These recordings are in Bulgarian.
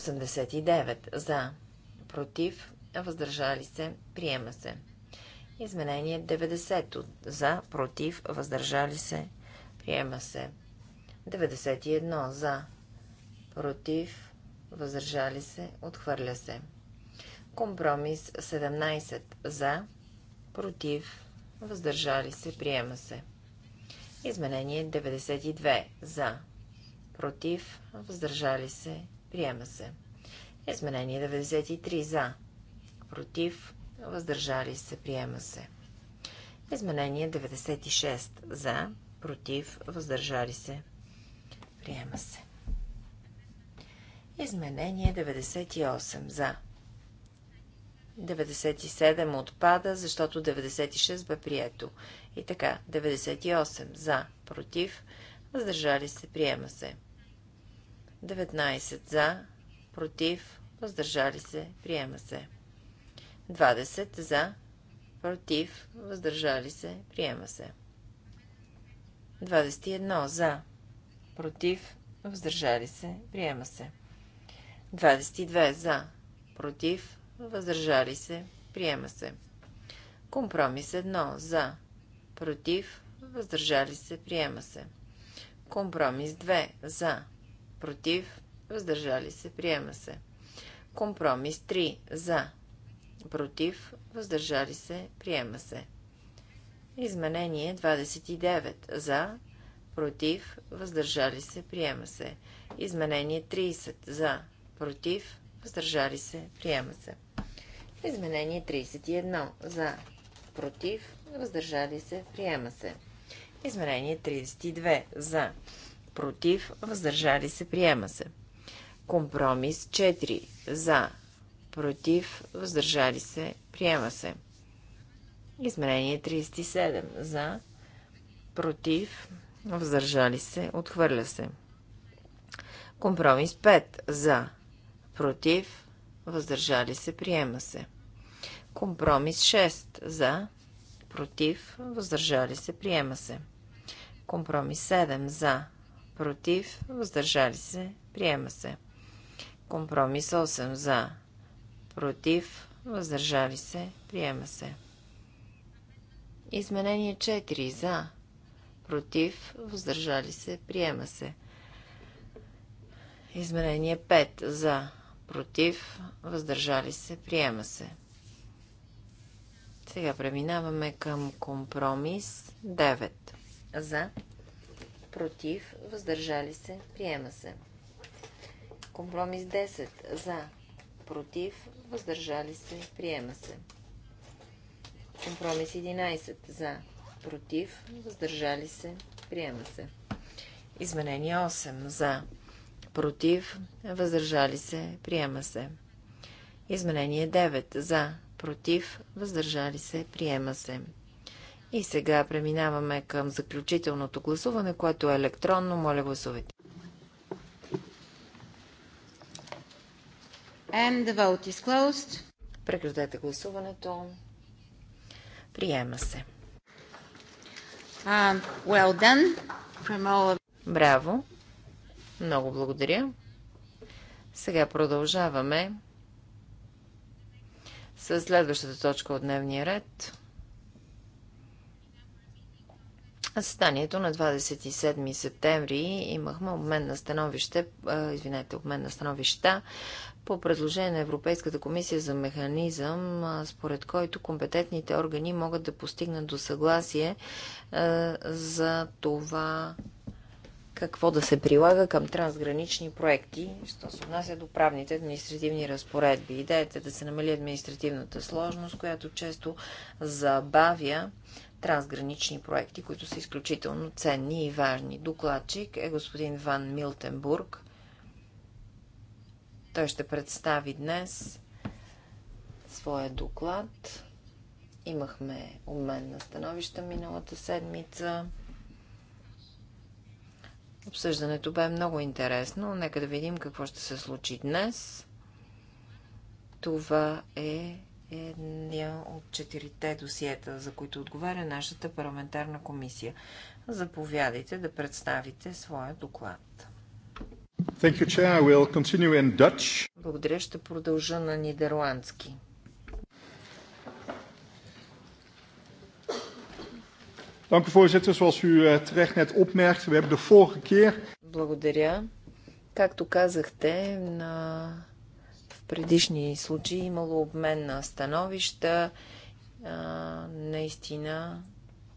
89 за, против, въздържали се, приема се. Изменение 90 за, против, въздържали се, приема се. 91 за, против, въздържали се, отхвърля се. Компромис 17 за, против, въздържали се, приема се. Изменение 92 за, против, въздържали се, Приема се. Изменение 93 за. Против. Въздържали се. Приема се. Изменение 96 за. Против. Въздържали се. Приема се. Изменение 98 за. 97 отпада, защото 96 бе прието. И така, 98 за, против, въздържали се, приема се. 19 за, против, въздържали се, приема се. 20 за, против, въздържали се, приема се. 21 за, против, въздържали се, приема се. 22 за, против, въздържали се, приема се. Компромис 1 за, против, въздържали се, приема се. Компромис 2 за, против, въздържали се, приема се. Компромис 3 за, против, въздържали се, приема се. Изменение 29 за, против, въздържали се, приема се. Изменение 30 за, против, въздържали се, приема се. Изменение 31 за, против, въздържали се, приема се. Изменение 32 за, против, въздържали се, приема се. Компромис 4 за, против, въздържали се, приема се. Изменение 37 за, против, въздържали се, отхвърля се. Компромис 5 за, против, въздържали се, приема се. Компромис 6 за, против, въздържали се, приема се. Компромис 7 за, против, въздържали се, приема се. Компромис 8 за, против, въздържали се, приема се. Изменение 4 за, против, въздържали се, приема се. Изменение 5 за, против, въздържали се, приема се. Сега преминаваме към компромис 9 за, против, въздържали се, приема се. Компромис 10 за, против, въздържали се, приема се. Компромис 11 за, против, въздържали се, приема се. Изменение 8 за, против, въздържали се, приема се. Изменение 9 за, против, въздържали се, приема се. И сега преминаваме към заключителното гласуване, което е електронно. Моля гласувайте. And the vote is closed. Прекратете гласуването. Приема се. Uh, well done from all of... Браво. Много благодаря. Сега продължаваме с следващата точка от дневния ред. заседанието на 27 септември имахме обмен на становище, извинете, обмен на становища по предложение на Европейската комисия за механизъм, според който компетентните органи могат да постигнат до съгласие за това какво да се прилага към трансгранични проекти, що се отнася до правните административни разпоредби. Идеята е да се намали административната сложност, която често забавя трансгранични проекти, които са изключително ценни и важни. Докладчик е господин Ван Милтенбург. Той ще представи днес своя доклад. Имахме обмен на становища миналата седмица. Обсъждането бе много интересно. Нека да видим какво ще се случи днес. Това е една от четирите досиета, за които отговаря нашата парламентарна комисия. Заповядайте да представите своя доклад. Thank you, Chair. I will continue in Dutch. Благодаря, ще продължа на нидерландски. Dank u voorzitter. Zoals u eh, terecht net we hebben de vorige keer... Благодаря. Както казахте, на предишни случаи имало обмен на становища. А, наистина,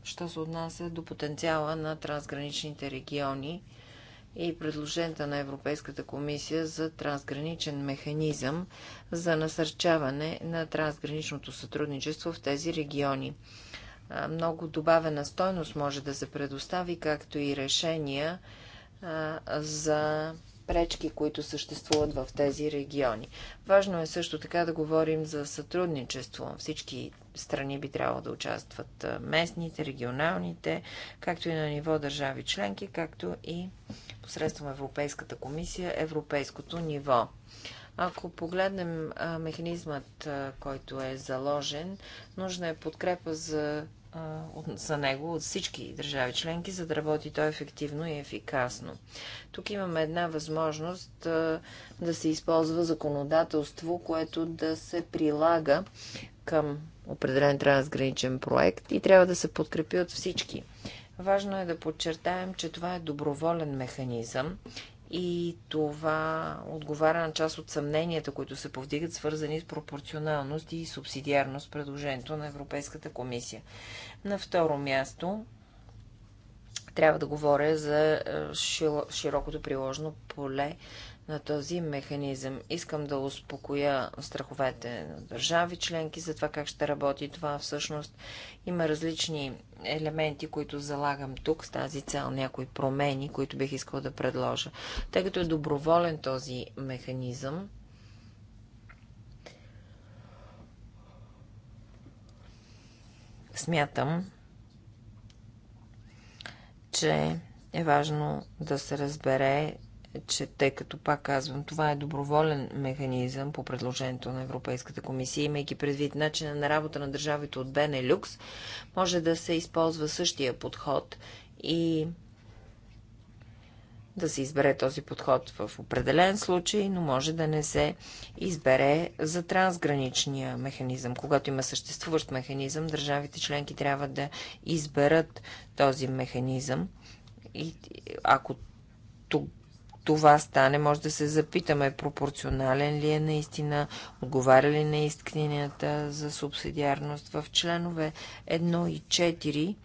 що се отнася до потенциала на трансграничните региони и предложенията на Европейската комисия за трансграничен механизъм за насърчаване на трансграничното сътрудничество в тези региони. А, много добавена стойност може да се предостави, както и решения а, за пречки, които съществуват в тези региони. Важно е също така да говорим за сътрудничество. Всички страни би трябвало да участват местните, регионалните, както и на ниво държави членки, както и посредством Европейската комисия, европейското ниво. Ако погледнем механизмът, който е заложен, нужна е подкрепа за за него от всички държави членки, за да работи то ефективно и ефикасно. Тук имаме една възможност а, да се използва законодателство, което да се прилага към определен трансграничен проект и трябва да се подкрепи от всички. Важно е да подчертаем, че това е доброволен механизъм и това отговаря на част от съмненията, които се повдигат, свързани с пропорционалност и субсидиарност предложението на Европейската комисия. На второ място трябва да говоря за е, широкото приложено поле на този механизъм. Искам да успокоя страховете на държави членки за това как ще работи това. Всъщност има различни елементи, които залагам тук с тази цел, някои промени, които бих искал да предложа. Тъй като е доброволен този механизъм, смятам, че е важно да се разбере че тъй като, пак казвам, това е доброволен механизъм по предложението на Европейската комисия, имайки предвид начина на работа на държавите от Бенелюкс, може да се използва същия подход и да се избере този подход в определен случай, но може да не се избере за трансграничния механизъм. Когато има съществуващ механизъм, държавите членки трябва да изберат този механизъм и ако тук това стане, може да се запитаме пропорционален ли е наистина, отговаря ли на исканията за субсидиарност. В членове 1 и 4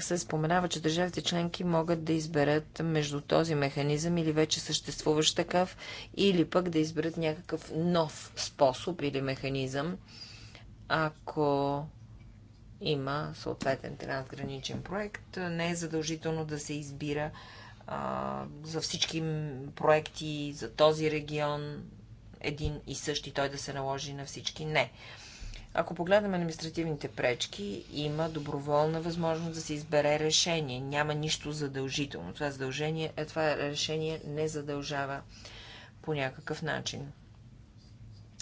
се споменава, че държавите членки могат да изберат между този механизъм или вече съществуващ такъв, или пък да изберат някакъв нов способ или механизъм, ако има съответен трансграничен проект. Не е задължително да се избира за всички проекти, за този регион, един и същи той да се наложи на всички. Не. Ако погледнем административните пречки, има доброволна възможност да се избере решение. Няма нищо задължително. Това, задължение, е, това решение не задължава по някакъв начин.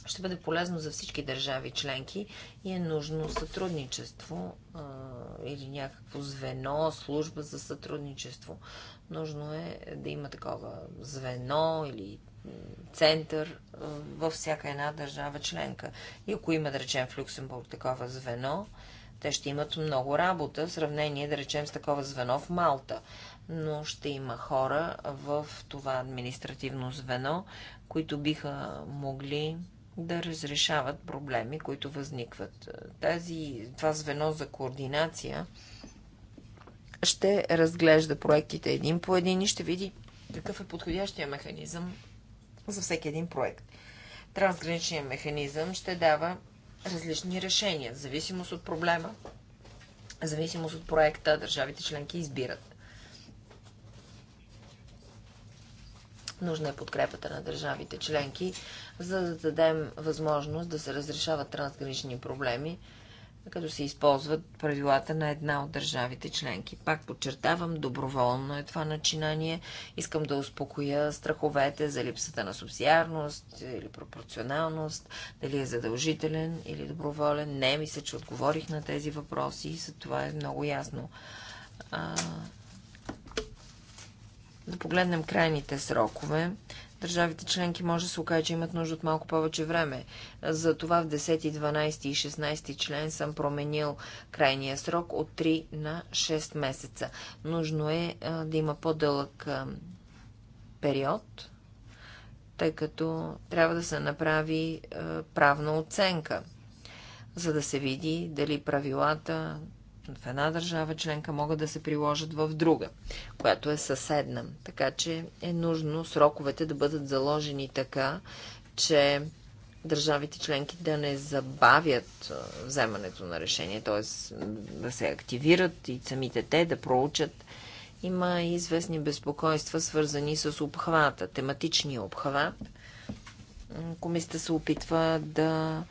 Ще бъде полезно за всички държави членки и е нужно сътрудничество а, или някакво звено, служба за сътрудничество. Нужно е да има такова звено или център във всяка една държава членка. И ако има, да речем, в Люксембург такова звено, те ще имат много работа в сравнение, да речем, с такова звено в Малта. Но ще има хора в това административно звено, които биха могли да разрешават проблеми, които възникват. Тази, това звено за координация ще разглежда проектите един по един и ще види какъв е подходящия механизъм за всеки един проект. Трансграничният механизъм ще дава различни решения, в зависимост от проблема, в зависимост от проекта, държавите членки избират. Нужна е подкрепата на държавите членки, за да дадем възможност да се разрешават трансгранични проблеми, като се използват правилата на една от държавите членки. Пак подчертавам, доброволно е това начинание. Искам да успокоя страховете за липсата на субсидиарност или пропорционалност, дали е задължителен или доброволен. Не, мисля, че отговорих на тези въпроси и за това е много ясно. А... Да погледнем крайните срокове държавите членки може да се окаже, че имат нужда от малко повече време. Затова в 10, 12 и 16 член съм променил крайния срок от 3 на 6 месеца. Нужно е да има по-дълъг период, тъй като трябва да се направи правна оценка, за да се види дали правилата, в една държава членка могат да се приложат в друга, която е съседна. Така че е нужно сроковете да бъдат заложени така, че държавите членки да не забавят вземането на решение, т.е. да се активират и самите те да проучат. Има известни безпокойства, свързани с обхвата, тематичния обхват. Комисията се опитва да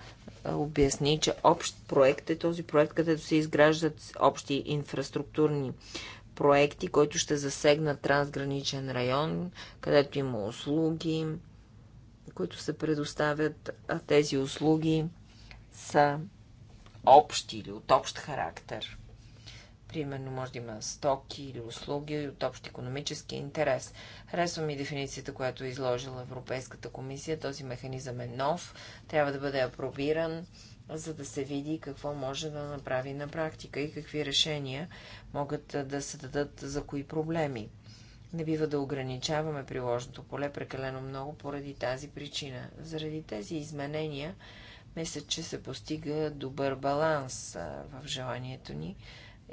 обясни, че общ проект е този проект, където се изграждат общи инфраструктурни проекти, които ще засегнат трансграничен район, където има услуги, които се предоставят, а тези услуги са общи или от общ характер. Примерно може да има стоки или услуги от общ економически интерес. Харесва ми дефиницията, която е изложила Европейската комисия. Този механизъм е нов, трябва да бъде апробиран, за да се види какво може да направи на практика и какви решения могат да се дадат за кои проблеми. Не бива да ограничаваме приложното поле прекалено много поради тази причина. Заради тези изменения, мисля, че се постига добър баланс в желанието ни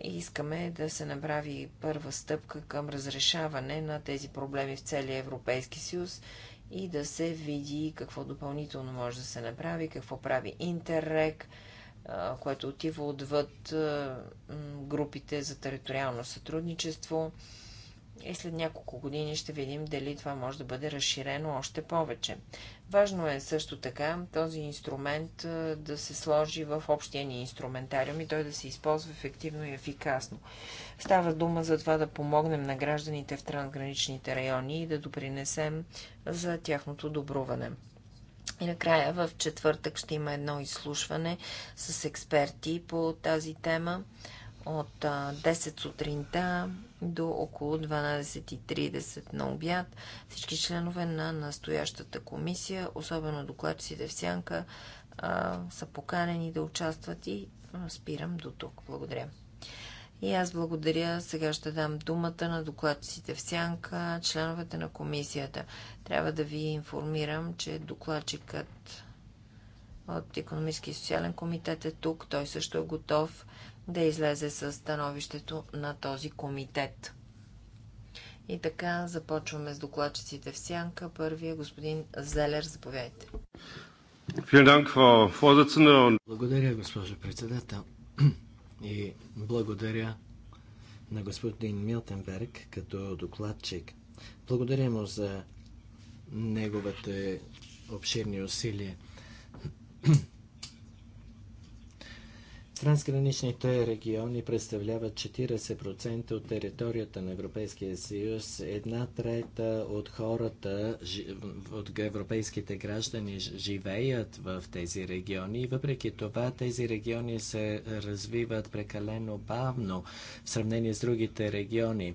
Искаме да се направи първа стъпка към разрешаване на тези проблеми в целия Европейски съюз и да се види какво допълнително може да се направи, какво прави Интеррек, което отива отвъд групите за териториално сътрудничество и след няколко години ще видим дали това може да бъде разширено още повече. Важно е също така този инструмент да се сложи в общия ни инструментариум и той да се използва ефективно и ефикасно. Става дума за това да помогнем на гражданите в трансграничните райони и да допринесем за тяхното добруване. И накрая в четвъртък ще има едно изслушване с експерти по тази тема от 10 сутринта до около 12.30 на обяд. Всички членове на настоящата комисия, особено докладчиците в Сянка, са поканени да участват и спирам до тук. Благодаря. И аз благодаря. Сега ще дам думата на докладчиците в сянка, членовете на комисията. Трябва да ви информирам, че докладчикът от Економически и социален комитет е тук. Той също е готов да излезе с становището на този комитет. И така започваме с докладчиците в сянка. Първия е господин Зелер, заповядайте. Благодаря, госпожо председател. И благодаря на господин Милтенберг като докладчик. Благодаря му за неговите обширни усилия. Трансграничните региони представляват 40% от територията на Европейския съюз. Една трета от хората, от европейските граждани живеят в тези региони и въпреки това тези региони се развиват прекалено бавно в сравнение с другите региони.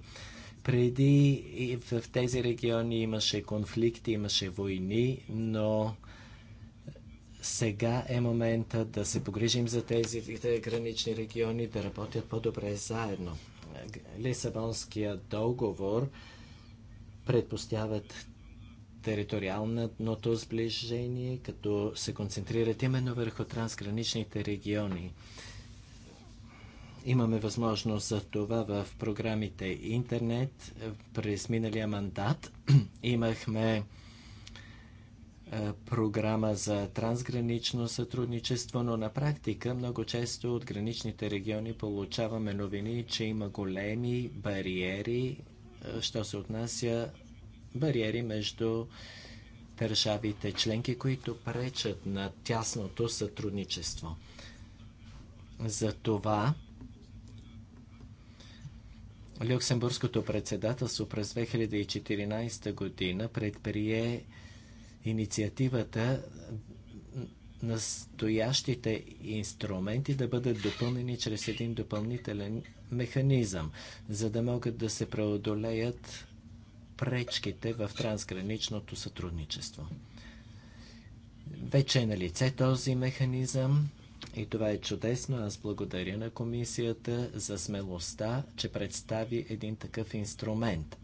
Преди в тези региони имаше конфликти, имаше войни, но сега е момента да се погрижим за тези гранични региони, да работят по-добре заедно. Лисабонския договор предпоставят териториалното сближение, като се концентрират именно върху трансграничните региони. Имаме възможност за това в програмите интернет. През миналия мандат имахме е, програма за трансгранично сътрудничество, но на практика много често от граничните региони получаваме новини, че има големи бариери, е, що се отнася бариери между държавите членки, които пречат на тясното сътрудничество. Затова Люксембургското председателство през 2014 година предприе инициативата настоящите инструменти да бъдат допълнени чрез един допълнителен механизъм, за да могат да се преодолеят пречките в трансграничното сътрудничество. Вече е на лице този механизъм и това е чудесно. Аз благодаря на комисията за смелостта, че представи един такъв инструмент –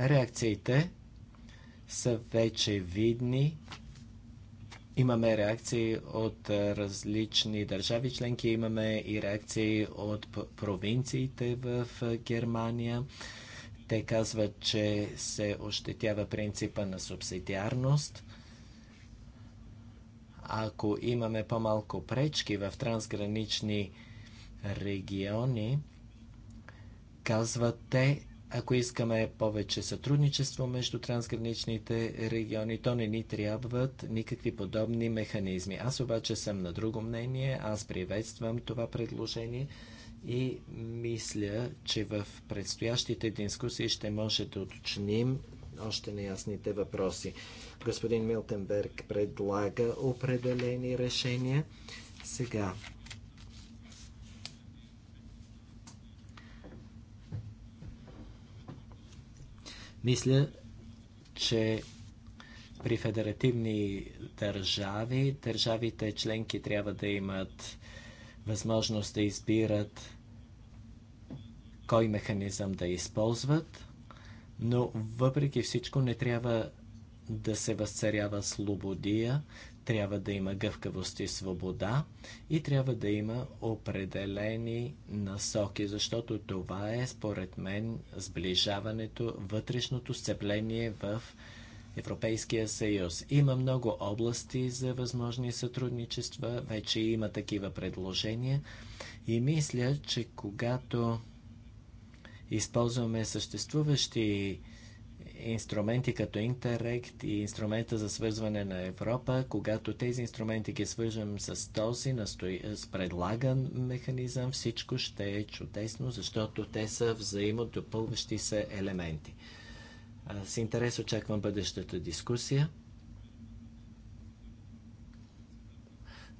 Реакциите са вече видни. Имаме реакции от различни държави членки, имаме и реакции от провинциите в Германия. Те казват, че се ощетява принципа на субсидиарност. Ако имаме по-малко пречки в трансгранични региони, казват те, ако искаме повече сътрудничество между трансграничните региони, то не ни трябват никакви подобни механизми. Аз обаче съм на друго мнение, аз приветствам това предложение и мисля, че в предстоящите дискусии ще може да уточним още неясните въпроси. Господин Милтенберг предлага определени решения. Сега Мисля, че при федеративни държави, държавите членки трябва да имат възможност да избират кой механизъм да използват, но въпреки всичко не трябва да се възцарява слободия, трябва да има гъвкавост и свобода и трябва да има определени насоки, защото това е, според мен, сближаването, вътрешното сцепление в Европейския съюз. Има много области за възможни сътрудничества, вече има такива предложения и мисля, че когато използваме съществуващи инструменти като Интерект и инструмента за свързване на Европа, когато тези инструменти ги свържем с този настои, с предлаган механизъм, всичко ще е чудесно, защото те са взаимодопълващи се елементи. С интерес очаквам бъдещата дискусия.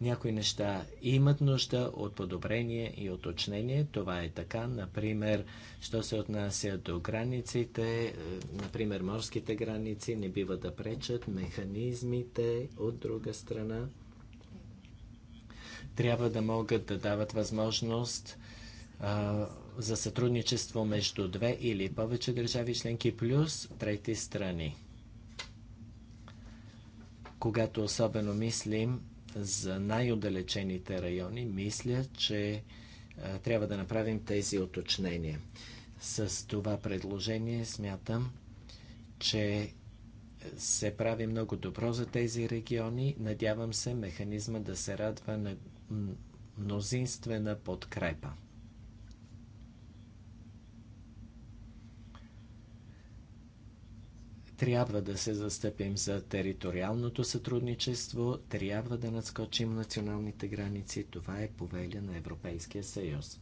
Някои неща имат нужда от подобрение и оточнение. Това е така. Например, що се отнася до границите, е, например, морските граници не бива да пречат механизмите от друга страна. Трябва да могат да дават възможност а, за сътрудничество между две или повече държави членки плюс трети страни. Когато особено мислим за най-отдалечените райони, мисля, че трябва да направим тези оточнения. С това предложение смятам, че се прави много добро за тези региони. Надявам се механизма да се радва на мнозинствена подкрепа. Трябва да се застъпим за териториалното сътрудничество, трябва да надскочим националните граници. Това е повеля на Европейския съюз.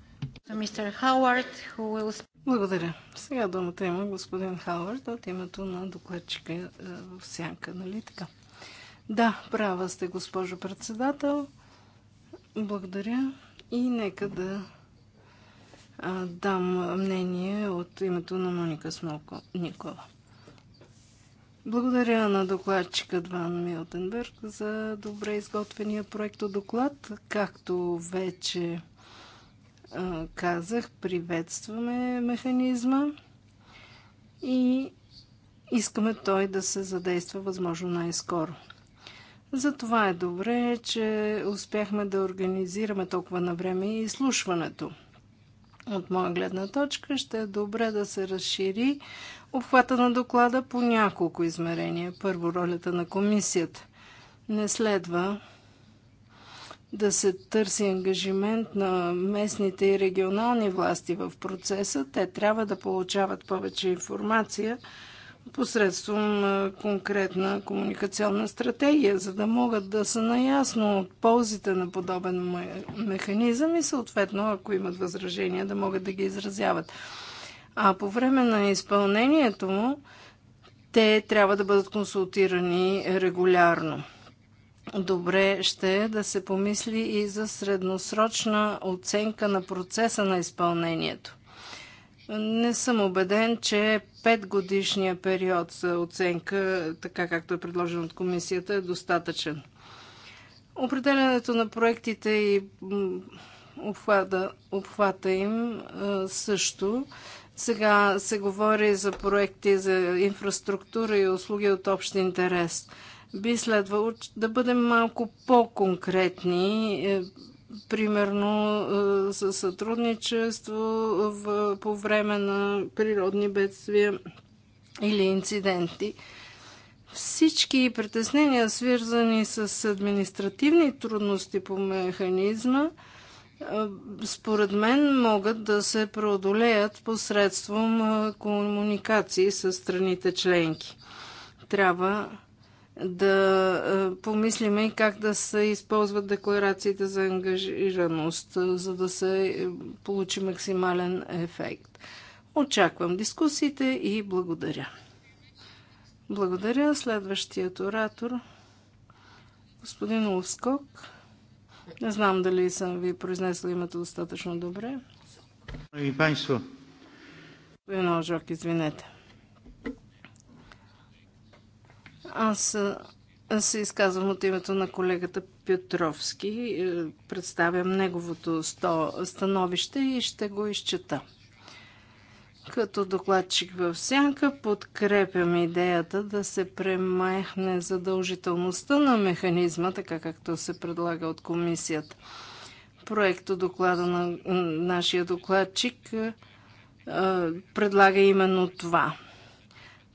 Благодаря. Сега думата има господин Хауърд от името на докладчика е, в сянка, нали така? Да, права сте, госпожо председател. Благодаря и нека да дам мнение от името на Моника Смолко Никола. Благодаря на докладчика Дван Милтенберг за добре изготвения проект от доклад. Както вече казах, приветстваме механизма и искаме той да се задейства възможно най-скоро. Затова е добре, че успяхме да организираме толкова на време и изслушването. От моя гледна точка ще е добре да се разшири обхвата на доклада по няколко измерения. Първо, ролята на комисията. Не следва да се търси ангажимент на местните и регионални власти в процеса. Те трябва да получават повече информация посредством конкретна комуникационна стратегия, за да могат да са наясно от ползите на подобен механизъм и съответно, ако имат възражения, да могат да ги изразяват а по време на изпълнението му те трябва да бъдат консултирани регулярно. Добре ще е да се помисли и за средносрочна оценка на процеса на изпълнението. Не съм убеден, че 5 годишния период за оценка, така както е предложен от комисията, е достатъчен. Определенето на проектите и обхвата, обхвата им също сега се говори за проекти за инфраструктура и услуги от общ интерес. Би следвало да бъдем малко по-конкретни, е, примерно за е, сътрудничество в, по време на природни бедствия или инциденти. Всички притеснения, свързани с административни трудности по механизма, е, според мен могат да се преодолеят посредством е, комуникации с страните членки. Трябва да е, помислим и как да се използват декларациите за ангажираност, за да се получи максимален ефект. Очаквам дискусиите и благодаря. Благодаря. Следващият оратор, господин Лоскок. Не знам дали съм ви произнесла името достатъчно добре. И панство. Вино, Жок, извинете. Аз се изказвам от името на колегата Петровски. Е, представям неговото сто... становище и ще го изчета. Като докладчик в сянка подкрепям идеята да се премахне задължителността на механизма, така както се предлага от комисията. Проекто доклада на нашия докладчик предлага именно това.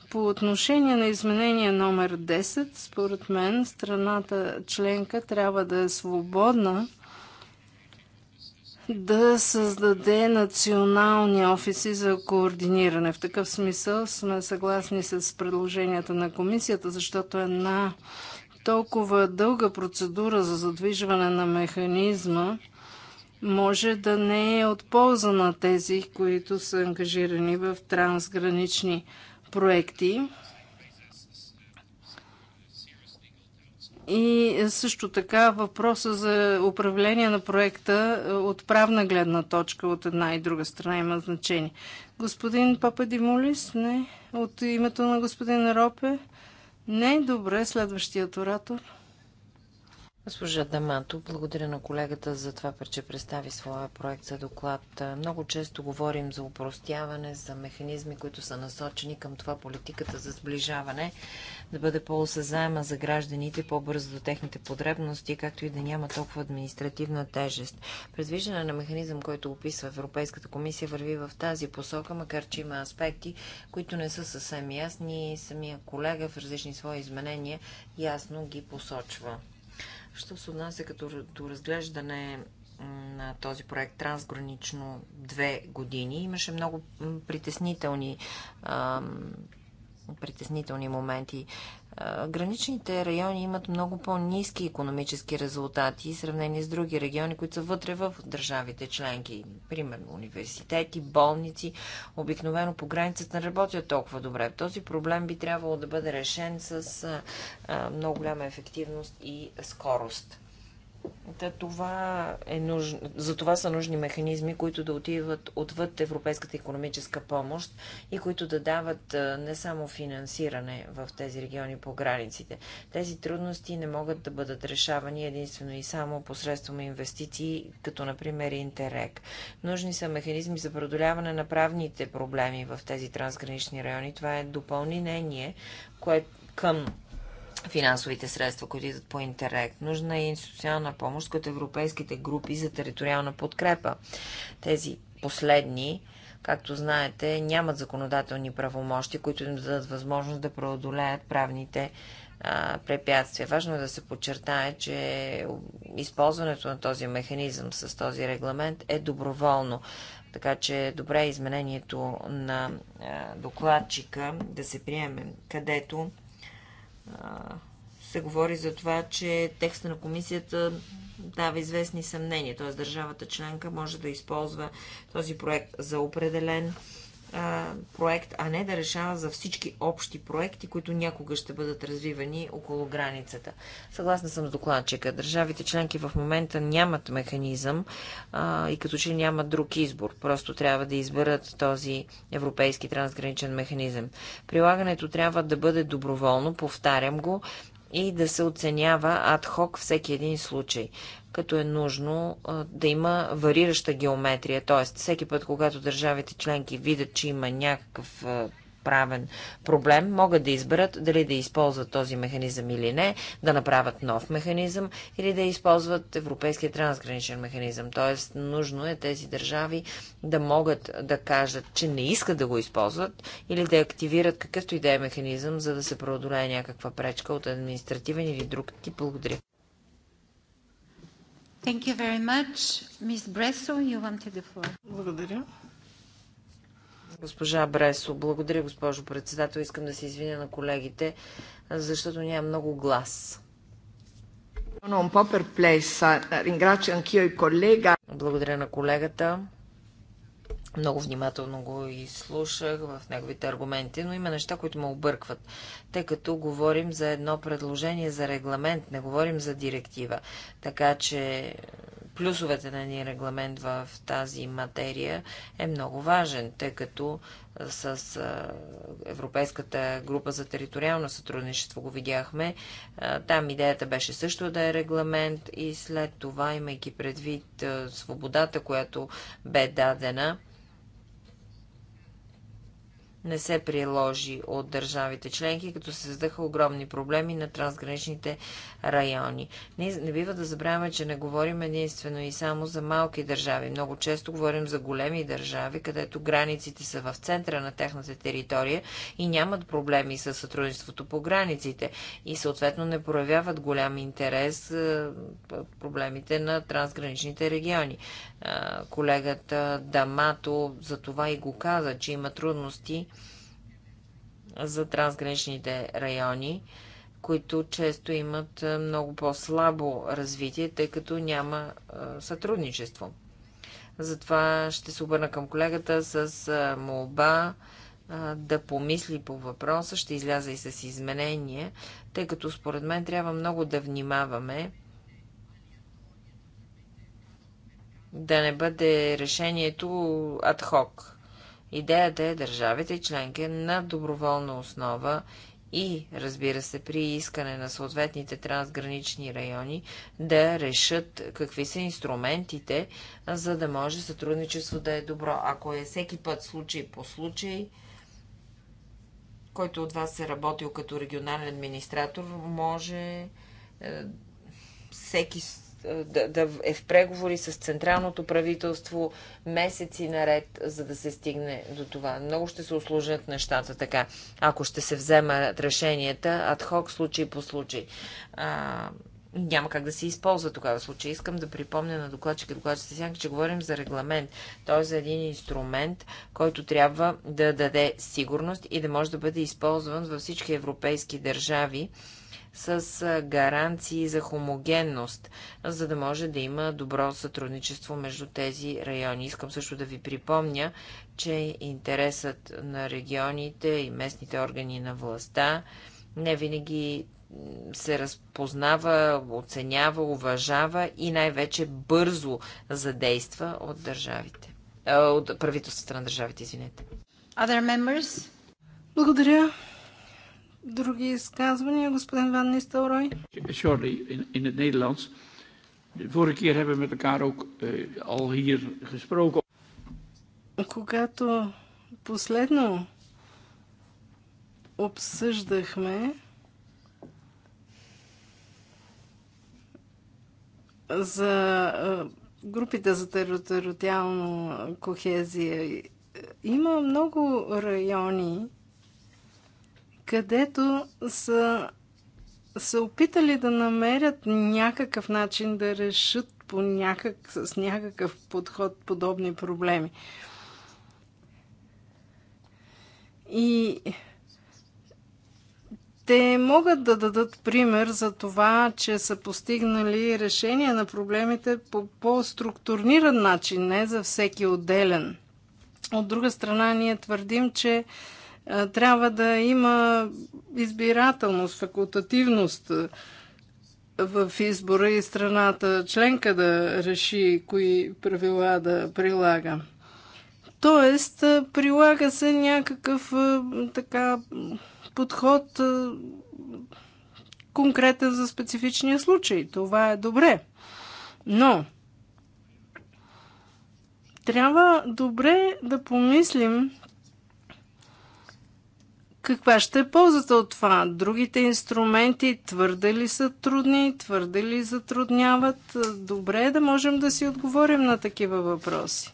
По отношение на изменение номер 10, според мен страната членка трябва да е свободна да създаде национални офиси за координиране. В такъв смисъл сме съгласни с предложенията на комисията, защото е една толкова дълга процедура за задвижване на механизма може да не е от полза на тези, които са ангажирани в трансгранични проекти. И също така въпроса за управление на проекта е, от правна гледна точка от една и друга страна има значение. Господин Папа Димулис? Не. От името на господин Ропе? Не. Добре, следващият оратор. Госпожа Дамато, благодаря на колегата за това, че представи своя проект за доклад. Много често говорим за упростяване, за механизми, които са насочени към това политиката за сближаване, да бъде по осъзаема за гражданите, по-бързо до техните потребности, както и да няма толкова административна тежест. Предвиждане на механизъм, който описва Европейската комисия, върви в тази посока, макар че има аспекти, които не са съвсем ясни и самия колега в различни свои изменения ясно ги посочва. Що се отнася като до разглеждане на този проект трансгранично две години, имаше много притеснителни а, притеснителни моменти. Граничните райони имат много по-низки економически резултати в сравнение с други региони, които са вътре в държавите членки. Примерно университети, болници, обикновено по границата не работят толкова добре. Този проблем би трябвало да бъде решен с много голяма ефективност и скорост. Да, това е нужно, за това са нужни механизми, които да отиват отвъд европейската економическа помощ и които да дават не само финансиране в тези региони по границите. Тези трудности не могат да бъдат решавани единствено и само посредством инвестиции, като например Интерек. Нужни са механизми за преодоляване на правните проблеми в тези трансгранични райони. Това е допълнение което към финансовите средства, които идват по интерект. Нужна е институционална помощ като европейските групи за териториална подкрепа. Тези последни, както знаете, нямат законодателни правомощи, които им дадат възможност да преодолеят правните препятствия. Важно е да се подчертае, че използването на този механизъм с този регламент е доброволно. Така че добре е изменението на докладчика да се приеме, където се говори за това, че текста на комисията дава известни съмнения, т.е. държавата членка може да използва този проект за определен проект, а не да решава за всички общи проекти, които някога ще бъдат развивани около границата. Съгласна съм с докладчика. Държавите членки в момента нямат механизъм а, и като че нямат друг избор. Просто трябва да изберат този европейски трансграничен механизъм. Прилагането трябва да бъде доброволно, повтарям го, и да се оценява адхок всеки един случай, като е нужно да има варираща геометрия. Тоест, всеки път, когато държавите членки видят, че има някакъв правен проблем, могат да изберат дали да използват този механизъм или не, да направят нов механизъм или да използват европейския трансграничен механизъм. Тоест, нужно е тези държави да могат да кажат, че не искат да го използват или да активират какъвто и да е механизъм, за да се преодолее някаква пречка от административен или друг тип. Благодаря. Thank you very much. Ms. Bresso, you wanted the floor. Благодаря. Госпожа Бресо, благодаря, госпожо председател. Искам да се извиня на колегите, защото няма много глас. Благодаря на колегата. Много внимателно го изслушах в неговите аргументи, но има неща, които ме объркват, тъй като говорим за едно предложение за регламент, не говорим за директива. Така че плюсовете на ни регламент в тази материя е много важен, тъй като с Европейската група за териториално сътрудничество го видяхме. Там идеята беше също да е регламент и след това, имайки предвид свободата, която бе дадена, не се приложи от държавите членки, като се създаха огромни проблеми на трансграничните райони. Не, не бива да забравяме, че не говорим единствено и само за малки държави. Много често говорим за големи държави, където границите са в центъра на техната територия и нямат проблеми с сътрудничеството по границите и съответно не проявяват голям интерес проблемите на трансграничните региони. колегата Дамато за това и го каза, че има трудности за трансграничните райони, които често имат много по-слабо развитие, тъй като няма сътрудничество. Затова ще се обърна към колегата с молба да помисли по въпроса, ще изляза и с изменения, тъй като според мен трябва много да внимаваме да не бъде решението адхок. Идеята е държавите членки на доброволна основа и, разбира се, при искане на съответните трансгранични райони да решат какви са инструментите, за да може сътрудничество да е добро. Ако е всеки път случай по случай, който от вас е работил като регионален администратор, може е, всеки да, да е в преговори с централното правителство месеци наред, за да се стигне до това. Много ще се ослужат нещата така, ако ще се вземат решенията адхок случай по случай. А, няма как да се използва тогава случай. Искам да припомня на докладчика, докладчика Сянка, че говорим за регламент. Той е за един инструмент, който трябва да даде сигурност и да може да бъде използван във всички европейски държави с гаранции за хомогенност, за да може да има добро сътрудничество между тези райони. Искам също да ви припомня, че интересът на регионите и местните органи на властта не винаги се разпознава, оценява, уважава и най-вече бързо задейства от държавите. От правителствата на държавите, извинете. Other members? Благодаря. Други изказвания, господин Ван Нистелрой? Sorry, in, in het Nederlands. De vorige keer hebben we met elkaar ook uh, al hier gesproken. Когато последно обсъждахме за е, групите за териториално кохезия, има много райони, където са се опитали да намерят някакъв начин да решат по някак, с някакъв подход подобни проблеми. И те могат да дадат пример за това, че са постигнали решение на проблемите по по-структуриран начин, не за всеки отделен. От друга страна, ние твърдим, че трябва да има избирателност, факултативност в избора и страната членка да реши кои правила да прилага. Тоест, прилага се някакъв така подход конкретен за специфичния случай. Това е добре. Но трябва добре да помислим каква ще е ползата от това? Другите инструменти твърде ли са трудни, твърде ли затрудняват? Добре е да можем да си отговорим на такива въпроси.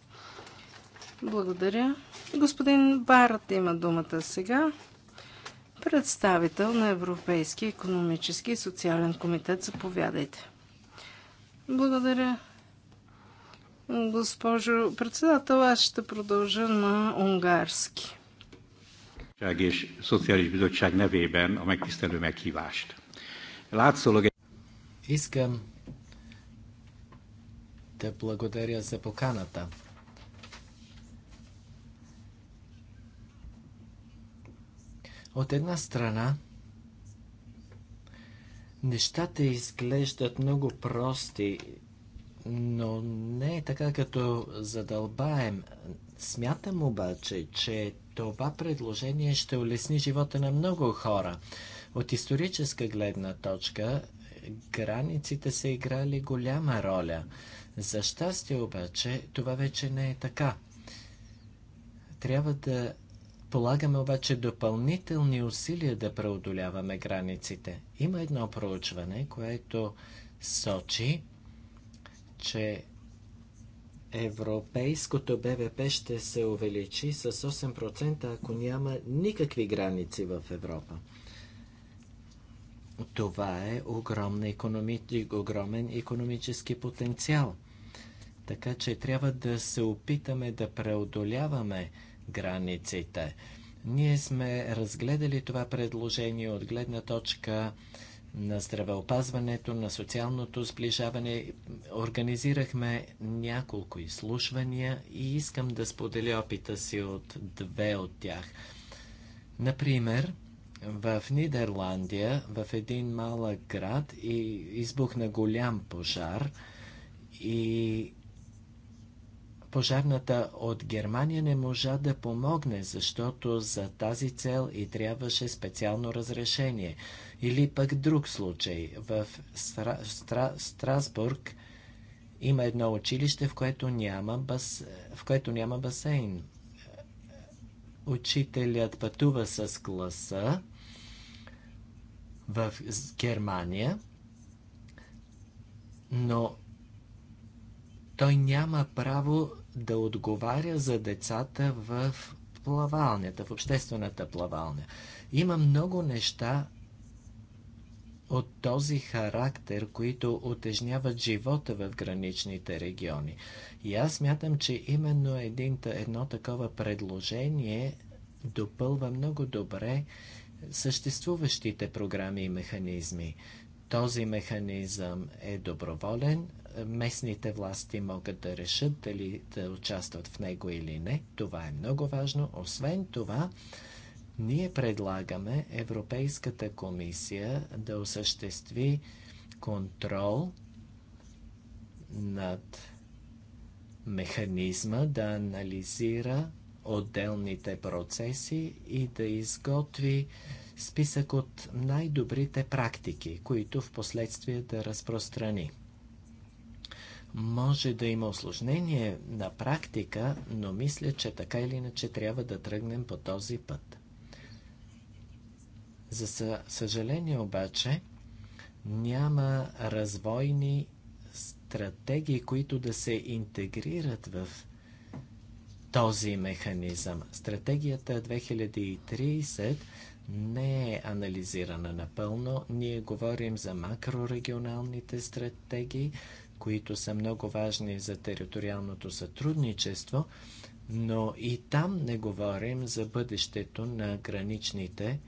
Благодаря. Господин Барат има думата сега. Представител на Европейския економически и социален комитет. Заповядайте. Благодаря. Госпожо председател, аз ще продължа на унгарски és Szociális Bizottság nevében a megtisztelő meghívást. Látszólag egy... Искам да благодаря за поканата. От една страна, нещата изглеждат много прости, но не е така като задълбаем. Смятам обаче, че това предложение ще улесни живота на много хора. От историческа гледна точка, границите са играли голяма роля. За щастие обаче, това вече не е така. Трябва да полагаме обаче допълнителни усилия да преодоляваме границите. Има едно проучване, което сочи, че Европейското БВП ще се увеличи с 8%, ако няма никакви граници в Европа. Това е огромна економи... огромен економически потенциал. Така че трябва да се опитаме да преодоляваме границите. Ние сме разгледали това предложение от гледна точка на здравеопазването, на социалното сближаване. Организирахме няколко изслушвания и искам да споделя опита си от две от тях. Например, в Нидерландия, в един малък град, избухна голям пожар и пожарната от Германия не можа да помогне, защото за тази цел и трябваше специално разрешение. Или пък друг случай. В Стра... Стра... Страсбург има едно училище, в което няма, бас... в което няма басейн. Учителят пътува с класа в Германия, но той няма право да отговаря за децата в плавалнята, в обществената плавалня. Има много неща от този характер, които отежняват живота в граничните региони. И аз смятам, че именно един, едно такова предложение допълва много добре съществуващите програми и механизми. Този механизъм е доброволен, местните власти могат да решат дали да участват в него или не. Това е много важно. Освен това, ние предлагаме Европейската комисия да осъществи контрол над механизма, да анализира отделните процеси и да изготви списък от най-добрите практики, които в последствие да разпространи. Може да има осложнение на практика, но мисля, че така или иначе трябва да тръгнем по този път. За съжаление обаче, няма развойни стратегии, които да се интегрират в този механизъм. Стратегията 2030 не е анализирана напълно. Ние говорим за макрорегионалните стратегии, които са много важни за териториалното сътрудничество, но и там не говорим за бъдещето на граничните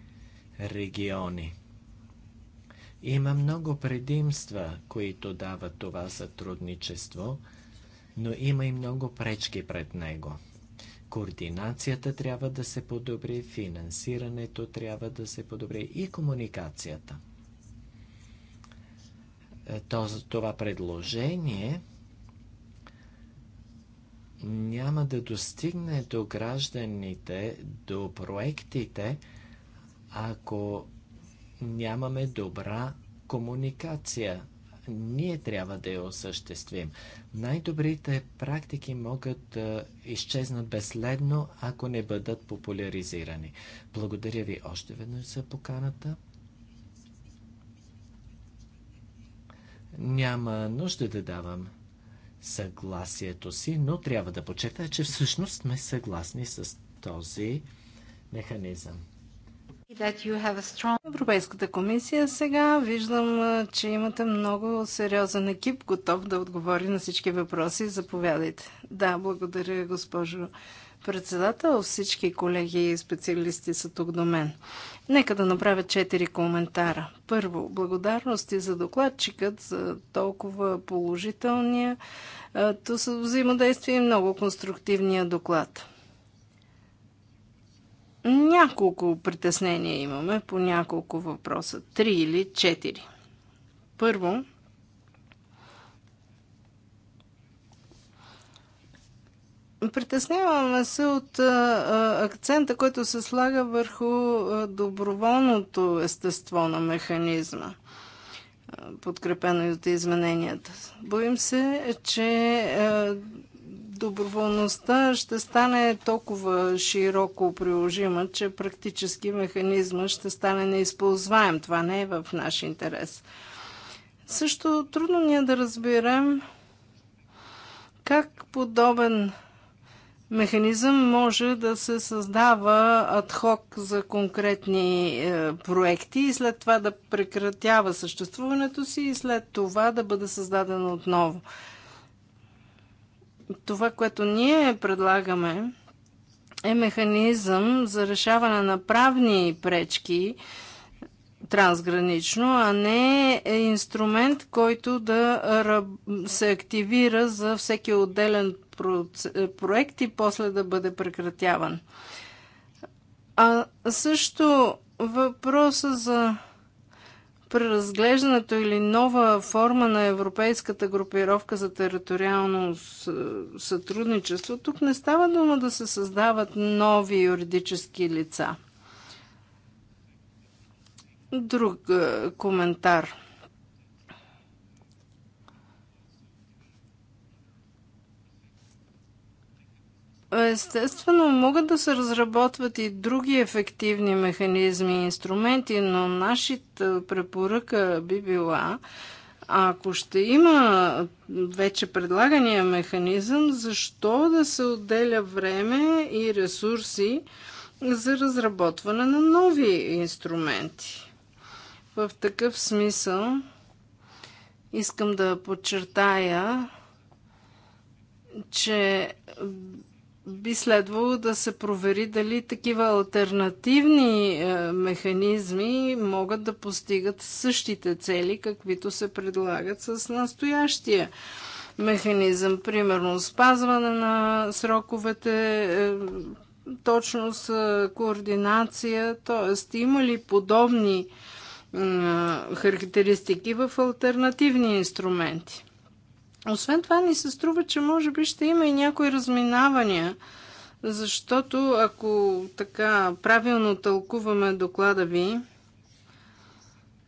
региони. Има много предимства, които дава това сътрудничество, но има и много пречки пред него. Координацията трябва да се подобри, финансирането трябва да се подобри и комуникацията. Е, това предложение няма да достигне до гражданите, до проектите, ако нямаме добра комуникация. Ние трябва да я осъществим. Най-добрите практики могат да изчезнат безследно, ако не бъдат популяризирани. Благодаря ви още веднъж за поканата. Няма нужда да давам съгласието си, но трябва да почета, че всъщност сме съгласни с този механизъм. Strong... Европейската комисия сега виждам, че имате много сериозен екип, готов да отговори на всички въпроси. Заповядайте. Да, благодаря, госпожо председател. Всички колеги и специалисти са тук до мен. Нека да направя четири коментара. Първо, благодарности за докладчикът, за толкова положителния, то са взаимодействие и много конструктивния доклад. Няколко притеснения имаме по няколко въпроса. Три или четири. Първо, Притесняваме се от акцента, който се слага върху доброволното естество на механизма, подкрепено и от измененията. Боим се, че доброволността ще стане толкова широко приложима, че практически механизма ще стане неизползваем. Това не е в наш интерес. Също трудно ни е да разберем как подобен механизъм може да се създава адхок за конкретни е, проекти и след това да прекратява съществуването си и след това да бъде създадено отново. Това, което ние предлагаме, е механизъм за решаване на правни пречки трансгранично, а не е инструмент, който да се активира за всеки отделен е, проект и после да бъде прекратяван. А също въпроса за преразглеждането или нова форма на Европейската групировка за териториално сътрудничество, тук не става дума да се създават нови юридически лица. Друг е, коментар. Естествено, могат да се разработват и други ефективни механизми и инструменти, но нашата препоръка би била, ако ще има вече предлагания механизъм, защо да се отделя време и ресурси за разработване на нови инструменти? В такъв смисъл искам да подчертая, че би следвало да се провери дали такива альтернативни е, механизми могат да постигат същите цели, каквито се предлагат с настоящия механизъм. Примерно спазване на сроковете, е, точност, е, координация, т.е. има ли подобни характеристики в альтернативни инструменти? Освен това ни се струва, че може би ще има и някои разминавания, защото ако така правилно тълкуваме доклада ви,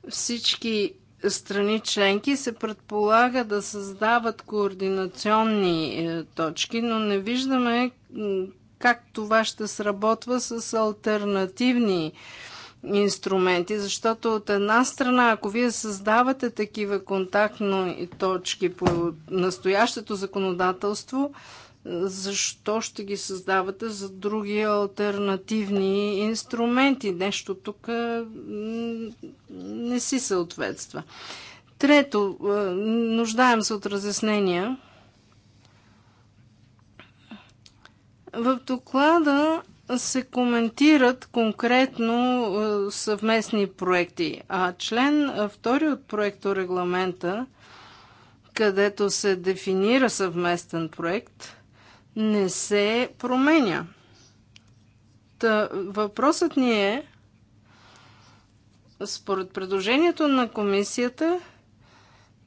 всички страни членки се предполага да създават координационни е, точки, но не виждаме как това ще сработва с альтернативни инструменти, защото от една страна, ако вие създавате такива контактни точки по настоящето законодателство, защо ще ги създавате за други альтернативни инструменти? Нещо тук не си съответства. Трето, е, нуждаем се от разяснения. В доклада се коментират конкретно е, съвместни проекти, а член 2 е, от проекто регламента, където се дефинира съвместен проект, не се променя. Та, въпросът ни е, според предложението на комисията,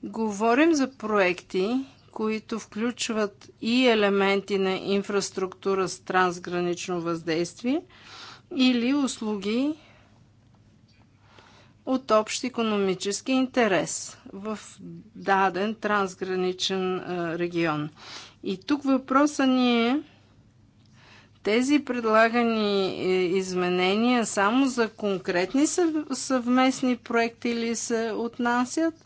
говорим за проекти, които включват и елементи на инфраструктура с трансгранично въздействие или услуги от общ економически интерес в даден трансграничен регион. И тук въпроса ни е тези предлагани е, изменения само за конкретни съвместни проекти ли се отнасят –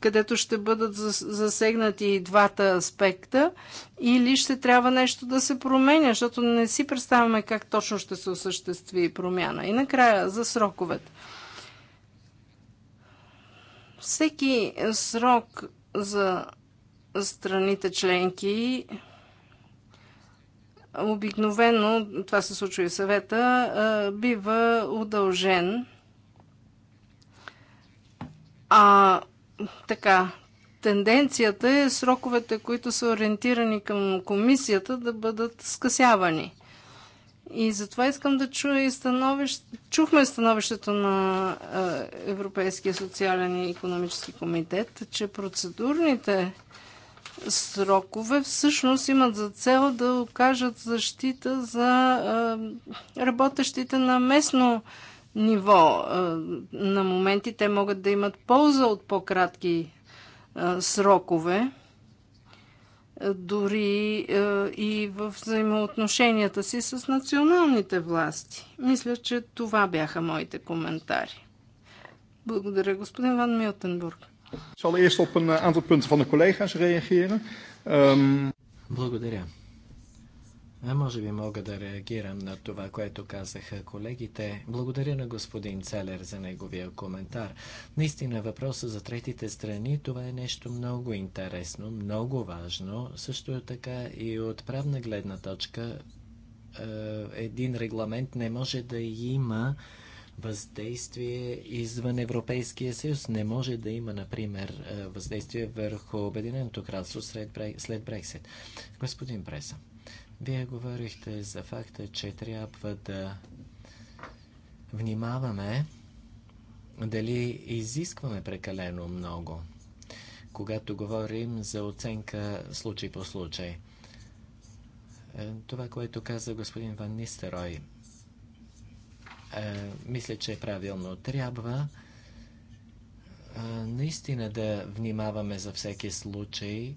където ще бъдат засегнати и двата аспекта, или ще трябва нещо да се променя, защото не си представяме как точно ще се осъществи промяна. И накрая за сроковете. Всеки срок за страните членки обикновено, това се случва и в съвета, бива удължен. А така, тенденцията е сроковете, които са ориентирани към комисията, да бъдат скъсявани. И затова искам да чуя и становище. Чухме становището на е, Европейския социален и економически комитет, че процедурните срокове всъщност имат за цел да окажат защита за е, работещите на местно ниво. На моменти те могат да имат полза от по-кратки срокове, дори и в взаимоотношенията си с националните власти. Мисля, че това бяха моите коментари. Благодаря, господин Ван Милтенбург. eerst op een eh, aantal punten van de collega's reageren. Ehm, Благодаря. А може би мога да реагирам на това, което казаха колегите. Благодаря на господин Целер за неговия коментар. Наистина въпроса за третите страни, това е нещо много интересно, много важно. Също е така и от правна гледна точка е, един регламент не може да има въздействие извън Европейския съюз. Не може да има, например, е, въздействие върху Обединеното кралство след Брексит. Господин Преса. Вие говорихте за факта, че трябва да внимаваме дали изискваме прекалено много, когато говорим за оценка случай по случай. Е, това, което каза господин Ван Нистерой, е, мисля, че е правилно. Трябва е, наистина да внимаваме за всеки случай,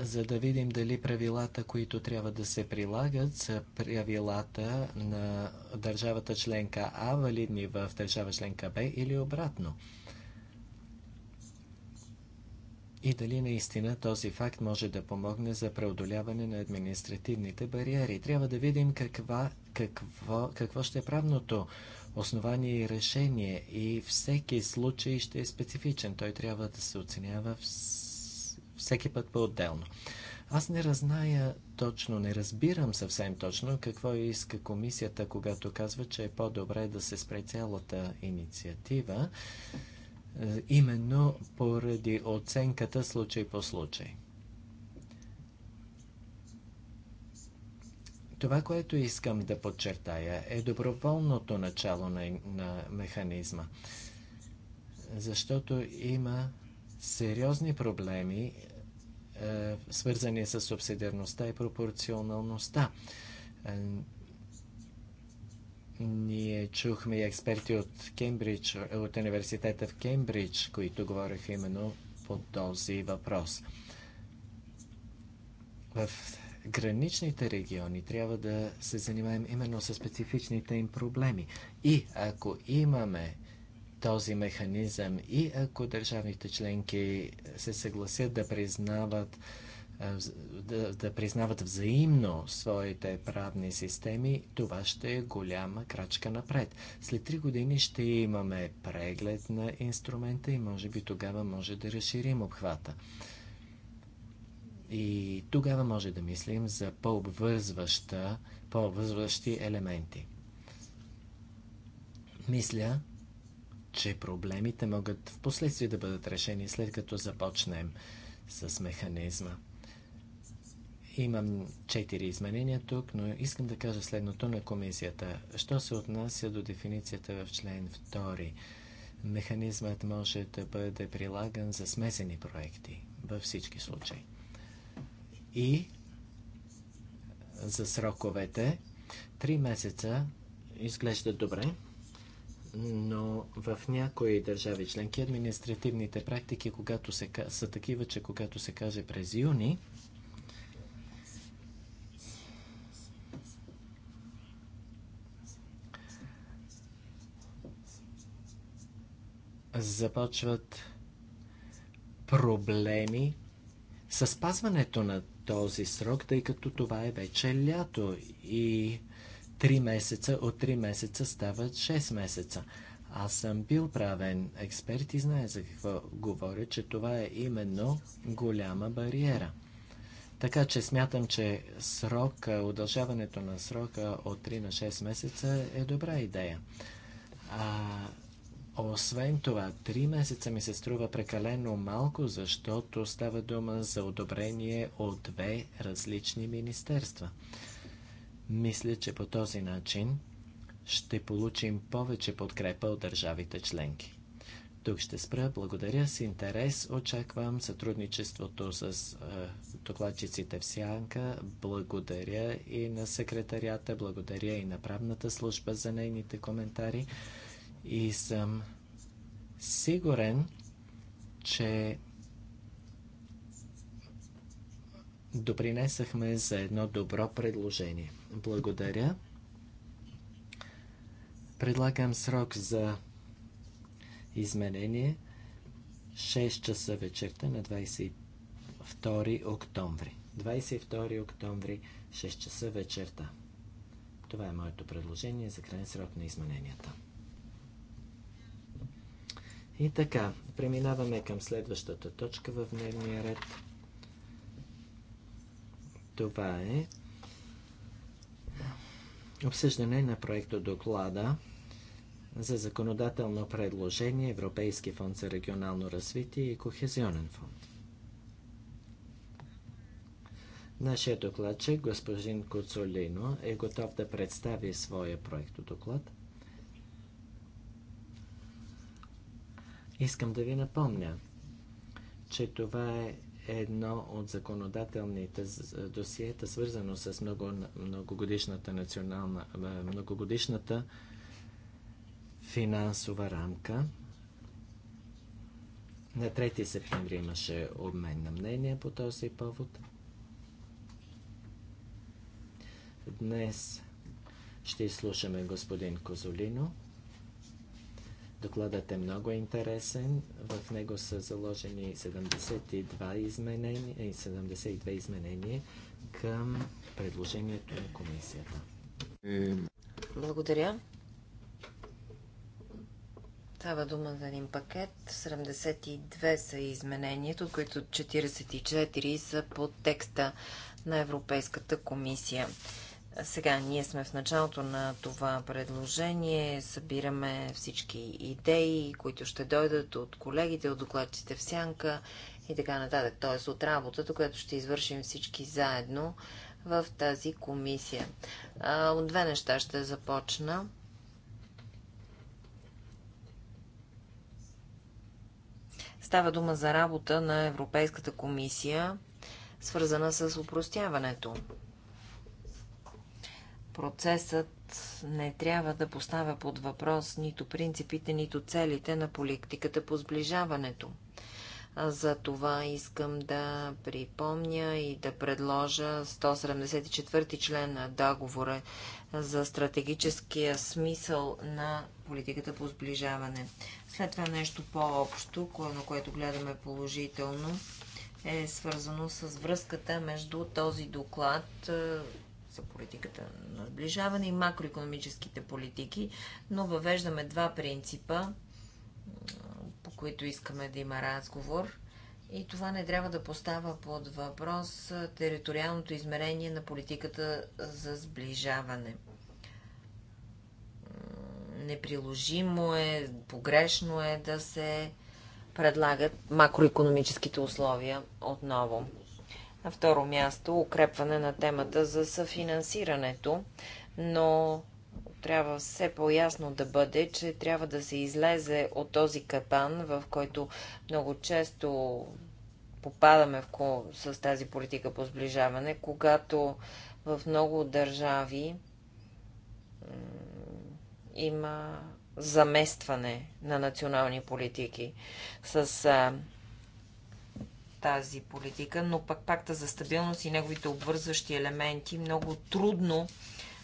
за да видим дали правилата, които трябва да се прилагат, са правилата на държавата членка А, валидни в държава членка Б или обратно. И дали наистина този факт може да помогне за преодоляване на административните бариери. Трябва да видим каква, какво, какво ще е правното основание и решение. И всеки случай ще е специфичен. Той трябва да се оценява в всеки път по-отделно. Аз не разная точно, не разбирам съвсем точно какво иска комисията, когато казва, че е по-добре да се спре цялата инициатива, е, именно поради оценката случай по случай. Това, което искам да подчертая, е доброволното начало на, на механизма, защото има сериозни проблеми, е, свързани с субсидиарността и пропорционалността. Е, ние чухме експерти от Кембридж, от университета в Кембридж, които говорих именно по този въпрос. В граничните региони трябва да се занимаем именно с специфичните им проблеми. И ако имаме този механизъм и ако държавните членки се съгласят да признават да, да признават взаимно своите правни системи, това ще е голяма крачка напред. След три години ще имаме преглед на инструмента и може би тогава може да разширим обхвата. И тогава може да мислим за по-обвързващи по елементи. Мисля, че проблемите могат в последствие да бъдат решени след като започнем с механизма. Имам четири изменения тук, но искам да кажа следното на комисията. Що се отнася до дефиницията в член 2? Механизмът може да бъде прилаган за смесени проекти във всички случаи. И за сроковете, три месеца изглежда добре но в някои държави членки административните практики когато се, са такива, че когато се каже през юни, започват проблеми с спазването на този срок, тъй като това е вече лято и 3 месеца, от 3 месеца стават 6 месеца. Аз съм бил правен експерт и знае за какво говоря, че това е именно голяма бариера. Така че смятам, че срок, удължаването на срока от 3 на 6 месеца е добра идея. А, освен това, 3 месеца ми се струва прекалено малко, защото става дума за одобрение от две различни министерства. Мисля, че по този начин ще получим повече подкрепа от държавите членки. Тук ще спра. Благодаря. С интерес очаквам сътрудничеството с е, докладчиците в Сянка. Благодаря и на секретарията, благодаря и на правната служба за нейните коментари. И съм сигурен, че допринесахме за едно добро предложение. Благодаря. Предлагам срок за изменение 6 часа вечерта на 22 октомври. 22 октомври, 6 часа вечерта. Това е моето предложение за крайен срок на измененията. И така, преминаваме към следващата точка в дневния ред. Това е Обсъждане на проекто доклада за законодателно предложение Европейски фонд за регионално развитие и Кохезионен фонд. Нашия докладчик, господин Коцолино, е готов да представи своя проект доклад. Искам да ви напомня, че това е едно от законодателните досиета, свързано с много, многогодишната национална, многогодишната финансова рамка. На 3 септември имаше обмен на мнения по този повод. Днес ще изслушаме господин Козолино. Докладът е много интересен. В него са заложени 72 изменения, 72 изменения към предложението на комисията. Благодаря. Става дума за един пакет. 72 са изменението, от които 44 са по текста на Европейската комисия. Сега ние сме в началото на това предложение, събираме всички идеи, които ще дойдат от колегите, от докладците в сянка и така нататък. Т.е. от работата, която ще извършим всички заедно в тази комисия. От две неща ще започна. Става дума за работа на Европейската комисия, свързана с упростяването. Процесът не трябва да поставя под въпрос нито принципите, нито целите на политиката по сближаването. За това искам да припомня и да предложа 174 член на договора за стратегическия смисъл на политиката по сближаване. След това нещо по-общо, на което гледаме положително, е свързано с връзката между този доклад за политиката на сближаване и макроекономическите политики, но въвеждаме два принципа, по които искаме да има разговор. И това не трябва да поставя под въпрос териториалното измерение на политиката за сближаване. Неприложимо е, погрешно е да се предлагат макроекономическите условия отново. На второ място, укрепване на темата за съфинансирането, но трябва все по-ясно да бъде, че трябва да се излезе от този капан, в който много често попадаме в, ко... с тази политика по сближаване, когато в много държави има заместване на национални политики с тази политика, но пък пакта за стабилност и неговите обвързващи елементи много трудно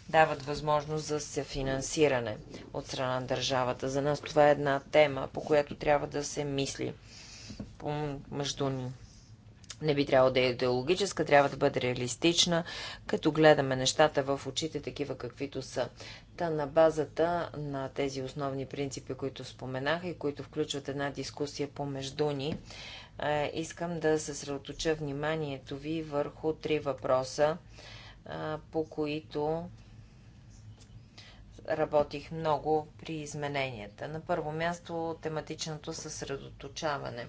дават възможност за съфинансиране от страна на държавата. За нас това е една тема, по която трябва да се мисли между ни. Не би трябвало да е идеологическа, трябва да бъде реалистична, като гледаме нещата в очите такива каквито са. Та на базата на тези основни принципи, които споменах и които включват една дискусия помежду ни, е, искам да съсредоточа вниманието ви върху три въпроса, е, по които работих много при измененията. На първо място тематичното съсредоточаване.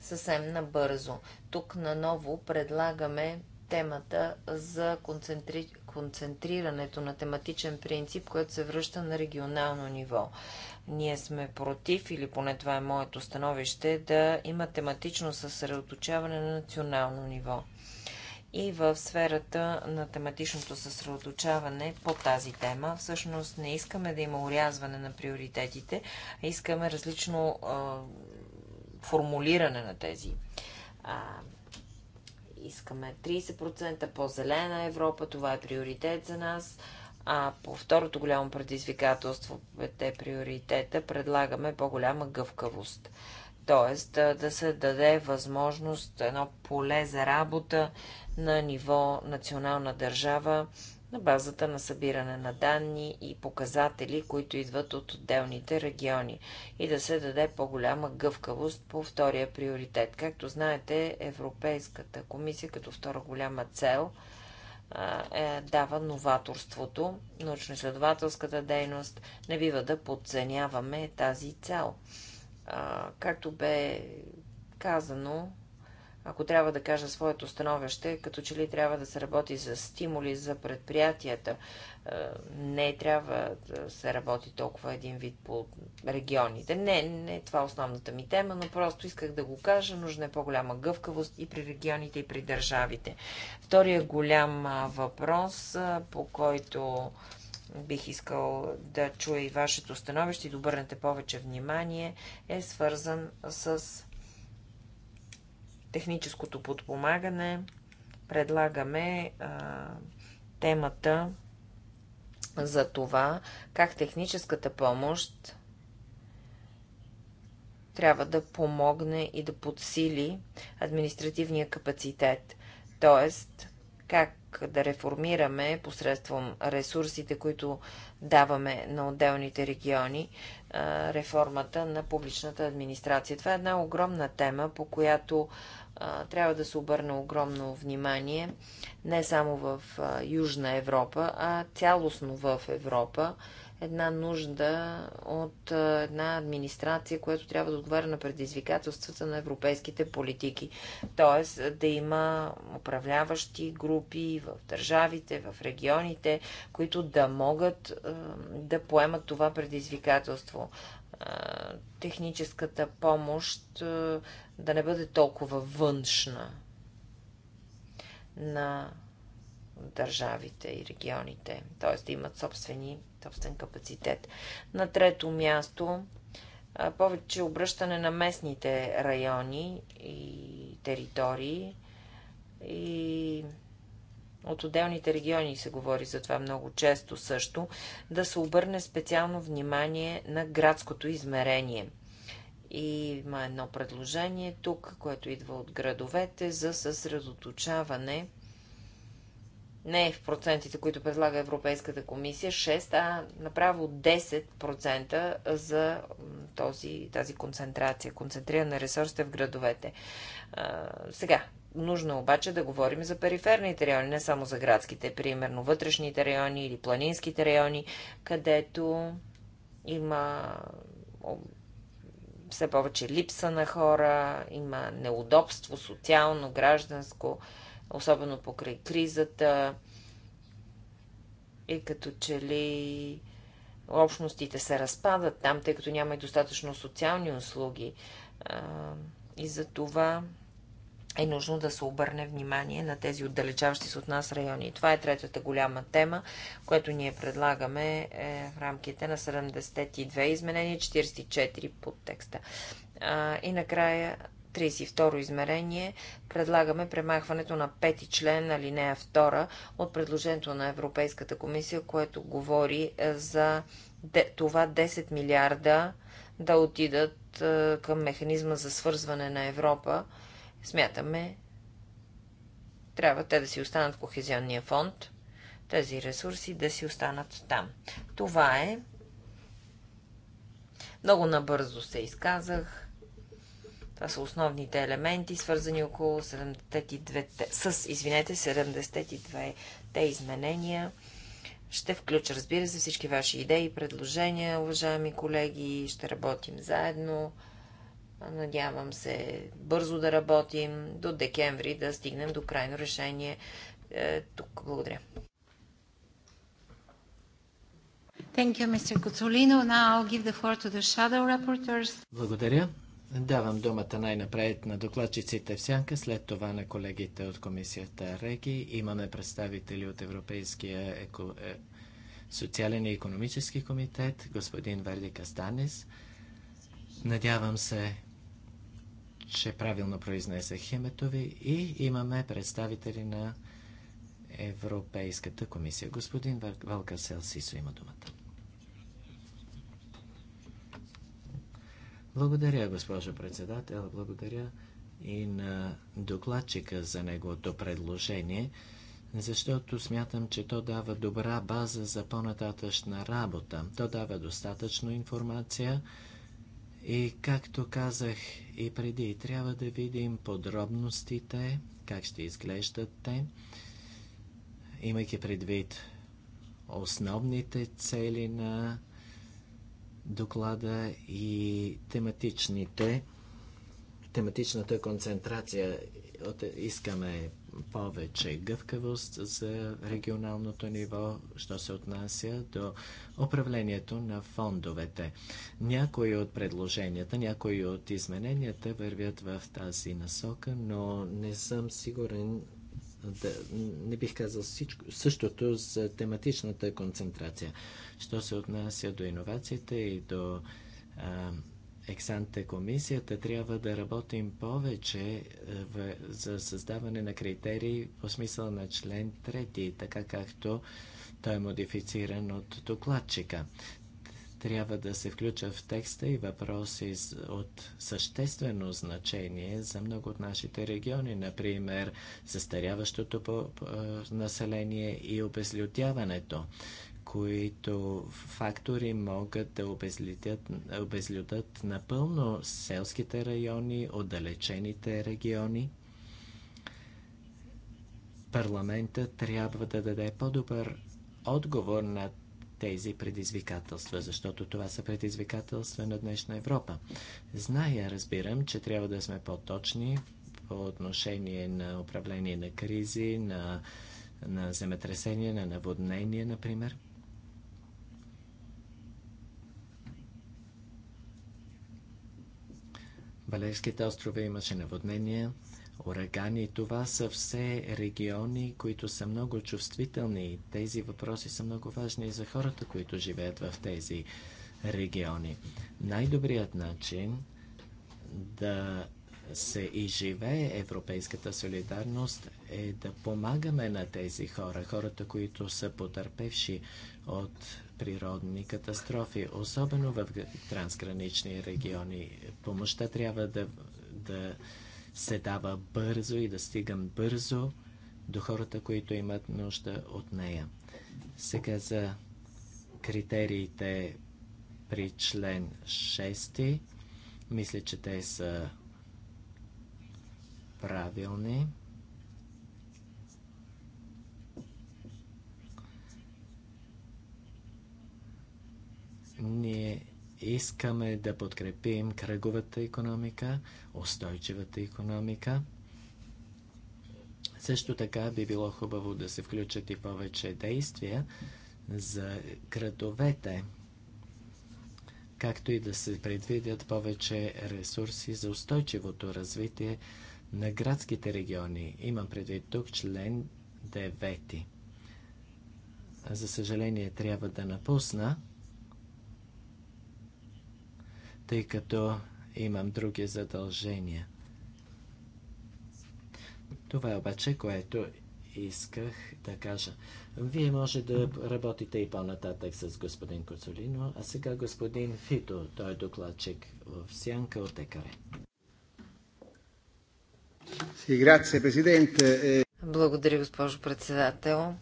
Съвсем набързо. Тук наново предлагаме темата за концентри... концентрирането на тематичен принцип, който се връща на регионално ниво. Ние сме против, или поне това е моето становище, да има тематично съсредоточаване на национално ниво. И в сферата на тематичното съсредоточаване по тази тема, всъщност не искаме да има урязване на приоритетите, а искаме различно а, формулиране на тези а, искаме 30% по-зелена Европа, това е приоритет за нас. А по второто голямо предизвикателство, те приоритета, предлагаме по-голяма гъвкавост. Тоест да се даде възможност, едно поле за работа на ниво национална държава, на базата на събиране на данни и показатели, които идват от отделните региони и да се даде по-голяма гъвкавост по втория приоритет. Както знаете, Европейската комисия като втора голяма цел – е, дава новаторството, научно-изследователската дейност. Не бива да подценяваме тази цел. Както бе казано, ако трябва да кажа своето становище, като че ли трябва да се работи за стимули за предприятията. Е, не трябва да се работи толкова един вид по регионите. Не, не е това е основната ми тема, но просто исках да го кажа. Нужна е по-голяма гъвкавост и при регионите, и при държавите. Втория голям въпрос, по който бих искал да чуя и вашето становище и да обърнете повече внимание, е свързан с техническото подпомагане предлагаме а, темата за това, как техническата помощ трябва да помогне и да подсили административния капацитет. Тоест, как да реформираме посредством ресурсите, които даваме на отделните региони, реформата на публичната администрация. Това е една огромна тема, по която трябва да се обърне огромно внимание не само в Южна Европа, а цялостно в Европа. Една нужда от една администрация, която трябва да отговаря на предизвикателствата на европейските политики. Тоест да има управляващи групи в държавите, в регионите, които да могат да поемат това предизвикателство техническата помощ да не бъде толкова външна на държавите и регионите, т.е. да имат собствени, собствен капацитет. На трето място, повече обръщане на местните райони и територии и от отделните региони се говори за това много често също, да се обърне специално внимание на градското измерение. И има едно предложение тук, което идва от градовете за съсредоточаване не в процентите, които предлага Европейската комисия, 6, а направо 10% за този, тази концентрация, концентриране на ресурсите в градовете. А, сега, нужно обаче да говорим за периферните райони, не само за градските, примерно вътрешните райони или планинските райони, където има все повече липса на хора, има неудобство социално, гражданско, особено покрай кризата. И като че ли общностите се разпадат там, тъй като няма и достатъчно социални услуги. И за това е нужно да се обърне внимание на тези отдалечаващи се от нас райони. това е третата голяма тема, която ние предлагаме е в рамките на 72 изменения, 44 под текста. А, и накрая 32 измерение предлагаме премахването на пети член на линея 2 от предложението на Европейската комисия, което говори е, за това 10 милиарда да отидат е, към механизма за свързване на Европа Смятаме, трябва те да си останат в Кохезионния фонд, тези ресурси да си останат там. Това е. Много набързо се изказах. Това са основните елементи, свързани около 72, с, извинете, 72 те изменения. Ще включа, разбира се, всички ваши идеи, и предложения, уважаеми колеги. Ще работим заедно. Надявам се бързо да работим, до декември да стигнем до крайно решение е, тук. Благодаря. Thank you, Mr. Cozzolino. Now I'll give the floor to the shadow reporters. Благодаря. Давам думата най-напред на докладчиците в сянка, след това на колегите от комисията Реги. Имаме представители от Европейския еко... Е, социален и економически комитет, господин Верди Кастанис. Надявам се че правилно произнесех името ви и имаме представители на Европейската комисия. Господин Валка Селсисо има думата. Благодаря, госпожо председател. Благодаря и на докладчика за неговото предложение, защото смятам, че то дава добра база за по-нататъчна работа. То дава достатъчно информация, и както казах и преди, трябва да видим подробностите, как ще изглеждат те, имайки предвид основните цели на доклада и тематичните, тематичната концентрация. Искаме повече гъвкавост за регионалното ниво, що се отнася до управлението на фондовете. Някои от предложенията, някои от измененията вървят в тази насока, но не съм сигурен да, не бих казал всичко, същото за тематичната концентрация. Що се отнася до иновациите и до а, ексанте комисията трябва да работим повече е, в, за създаване на критерии по смисъл на член 3, така както той е модифициран от докладчика. Трябва да се включа в текста и въпроси от съществено значение за много от нашите региони, например застаряващото е, население и обезлюдяването които фактори могат да обезлюдят, обезлюдат напълно селските райони, отдалечените региони. Парламентът трябва да даде по-добър отговор на тези предизвикателства, защото това са предизвикателства на днешна Европа. Зная, разбирам, че трябва да сме по-точни по отношение на управление на кризи, на, на земетресения, на наводнение, например – Балейските острови имаше наводнения, урагани. Това са все региони, които са много чувствителни. Тези въпроси са много важни за хората, които живеят в тези региони. Най-добрият начин да се изживее европейската солидарност е да помагаме на тези хора, хората, които са потърпевши от природни катастрофи, особено в трансгранични региони. Помощта трябва да, да се дава бързо и да стигам бързо до хората, които имат нужда от нея. Сега за критериите при член 6. Мисля, че те са правилни. Ние искаме да подкрепим кръговата економика, устойчивата економика. Също така би било хубаво да се включат и повече действия за градовете, както и да се предвидят повече ресурси за устойчивото развитие на градските региони. Имам предвид тук член 9. За съжаление трябва да напусна тъй като имам други задължения. Това е обаче, което исках да кажа. Вие може да работите и по-нататък с господин Коцолино, а сега господин Фито, той е докладчик в Сянка от Екаре. Е, Благодаря, госпожо председател.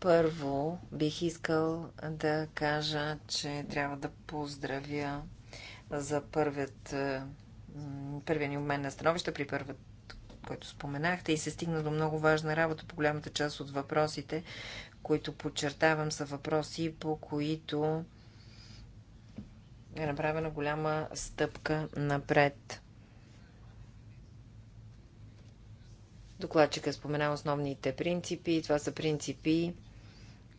Първо бих искал да кажа, че трябва да поздравя за първият, е, първия ни обмен на становища при първата който споменахте и се стигна до много важна работа по голямата част от въпросите, които подчертавам са въпроси, по които е направена голяма стъпка напред. Докладчика спомена основните принципи. Това са принципи,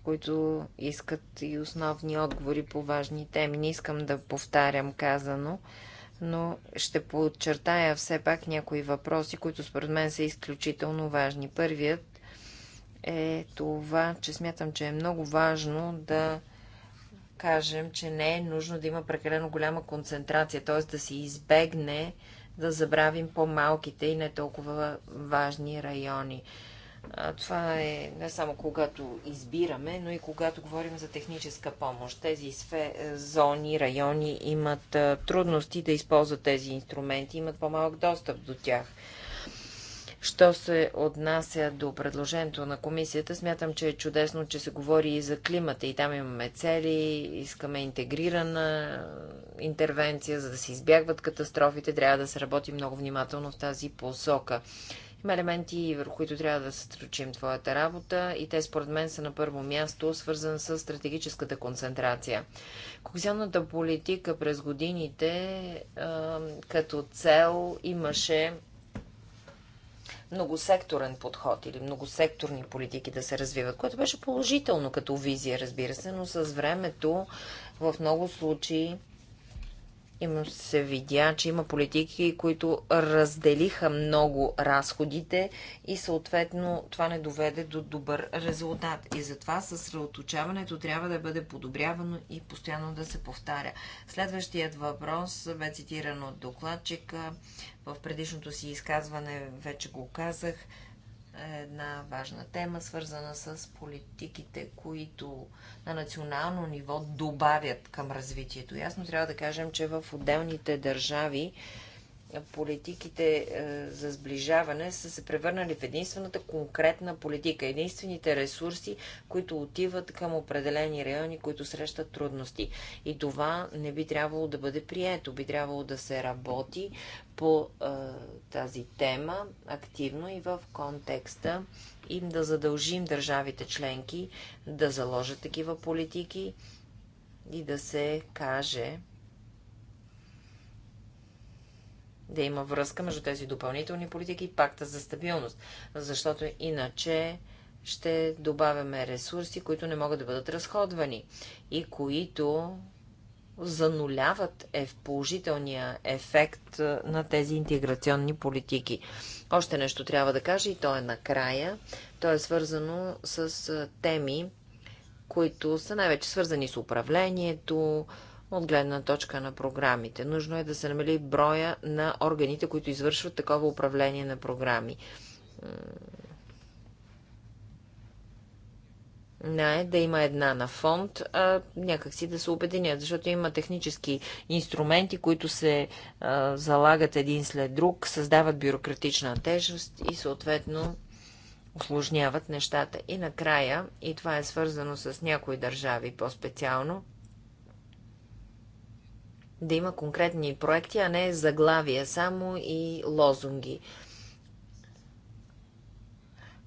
които искат и основни отговори по важни теми. Не искам да повтарям казано, но ще подчертая все пак някои въпроси, които според мен са изключително важни. Първият е това, че смятам, че е много важно да кажем, че не е нужно да има прекалено голяма концентрация, т.е. да се избегне да забравим по-малките и не толкова важни райони това е не само когато избираме, но и когато говорим за техническа помощ. Тези сфе, е, зони, райони имат е, трудности да използват тези инструменти, имат по-малък достъп до тях. Що се отнася до предложението на комисията, смятам, че е чудесно, че се говори и за климата. И там имаме цели, искаме интегрирана е, интервенция, за да се избягват катастрофите. Трябва да се работи много внимателно в тази посока. Има елементи, върху които трябва да сътрудничим твоята работа и те според мен са на първо място, свързан с стратегическата концентрация. Кохезионната политика през годините като цел имаше многосекторен подход или многосекторни политики да се развиват, което беше положително като визия, разбира се, но с времето в много случаи има се видя, че има политики, които разделиха много разходите и съответно това не доведе до добър резултат. И затова съсредоточаването трябва да бъде подобрявано и постоянно да се повтаря. Следващият въпрос бе цитиран от докладчика. В предишното си изказване вече го казах. Е една важна тема, свързана с политиките, които на национално ниво добавят към развитието. Ясно трябва да кажем, че в отделните държави политиките е, за сближаване са се превърнали в единствената конкретна политика, единствените ресурси, които отиват към определени райони, които срещат трудности. И това не би трябвало да бъде прието. Би трябвало да се работи по а, тази тема активно и в контекста им да задължим държавите членки да заложат такива политики и да се каже да има връзка между тези допълнителни политики и пакта за стабилност, защото иначе ще добавяме ресурси, които не могат да бъдат разходвани и които зануляват е в положителния ефект на тези интеграционни политики. Още нещо трябва да кажа и то е накрая. То е свързано с теми, които са най-вече свързани с управлението, от гледна точка на програмите. Нужно е да се намали броя на органите, които извършват такова управление на програми. не да има една на фонд, а някакси да се обединят, защото има технически инструменти, които се а, залагат един след друг, създават бюрократична тежест и съответно осложняват нещата. И накрая, и това е свързано с някои държави по-специално, да има конкретни проекти, а не заглавия само и лозунги.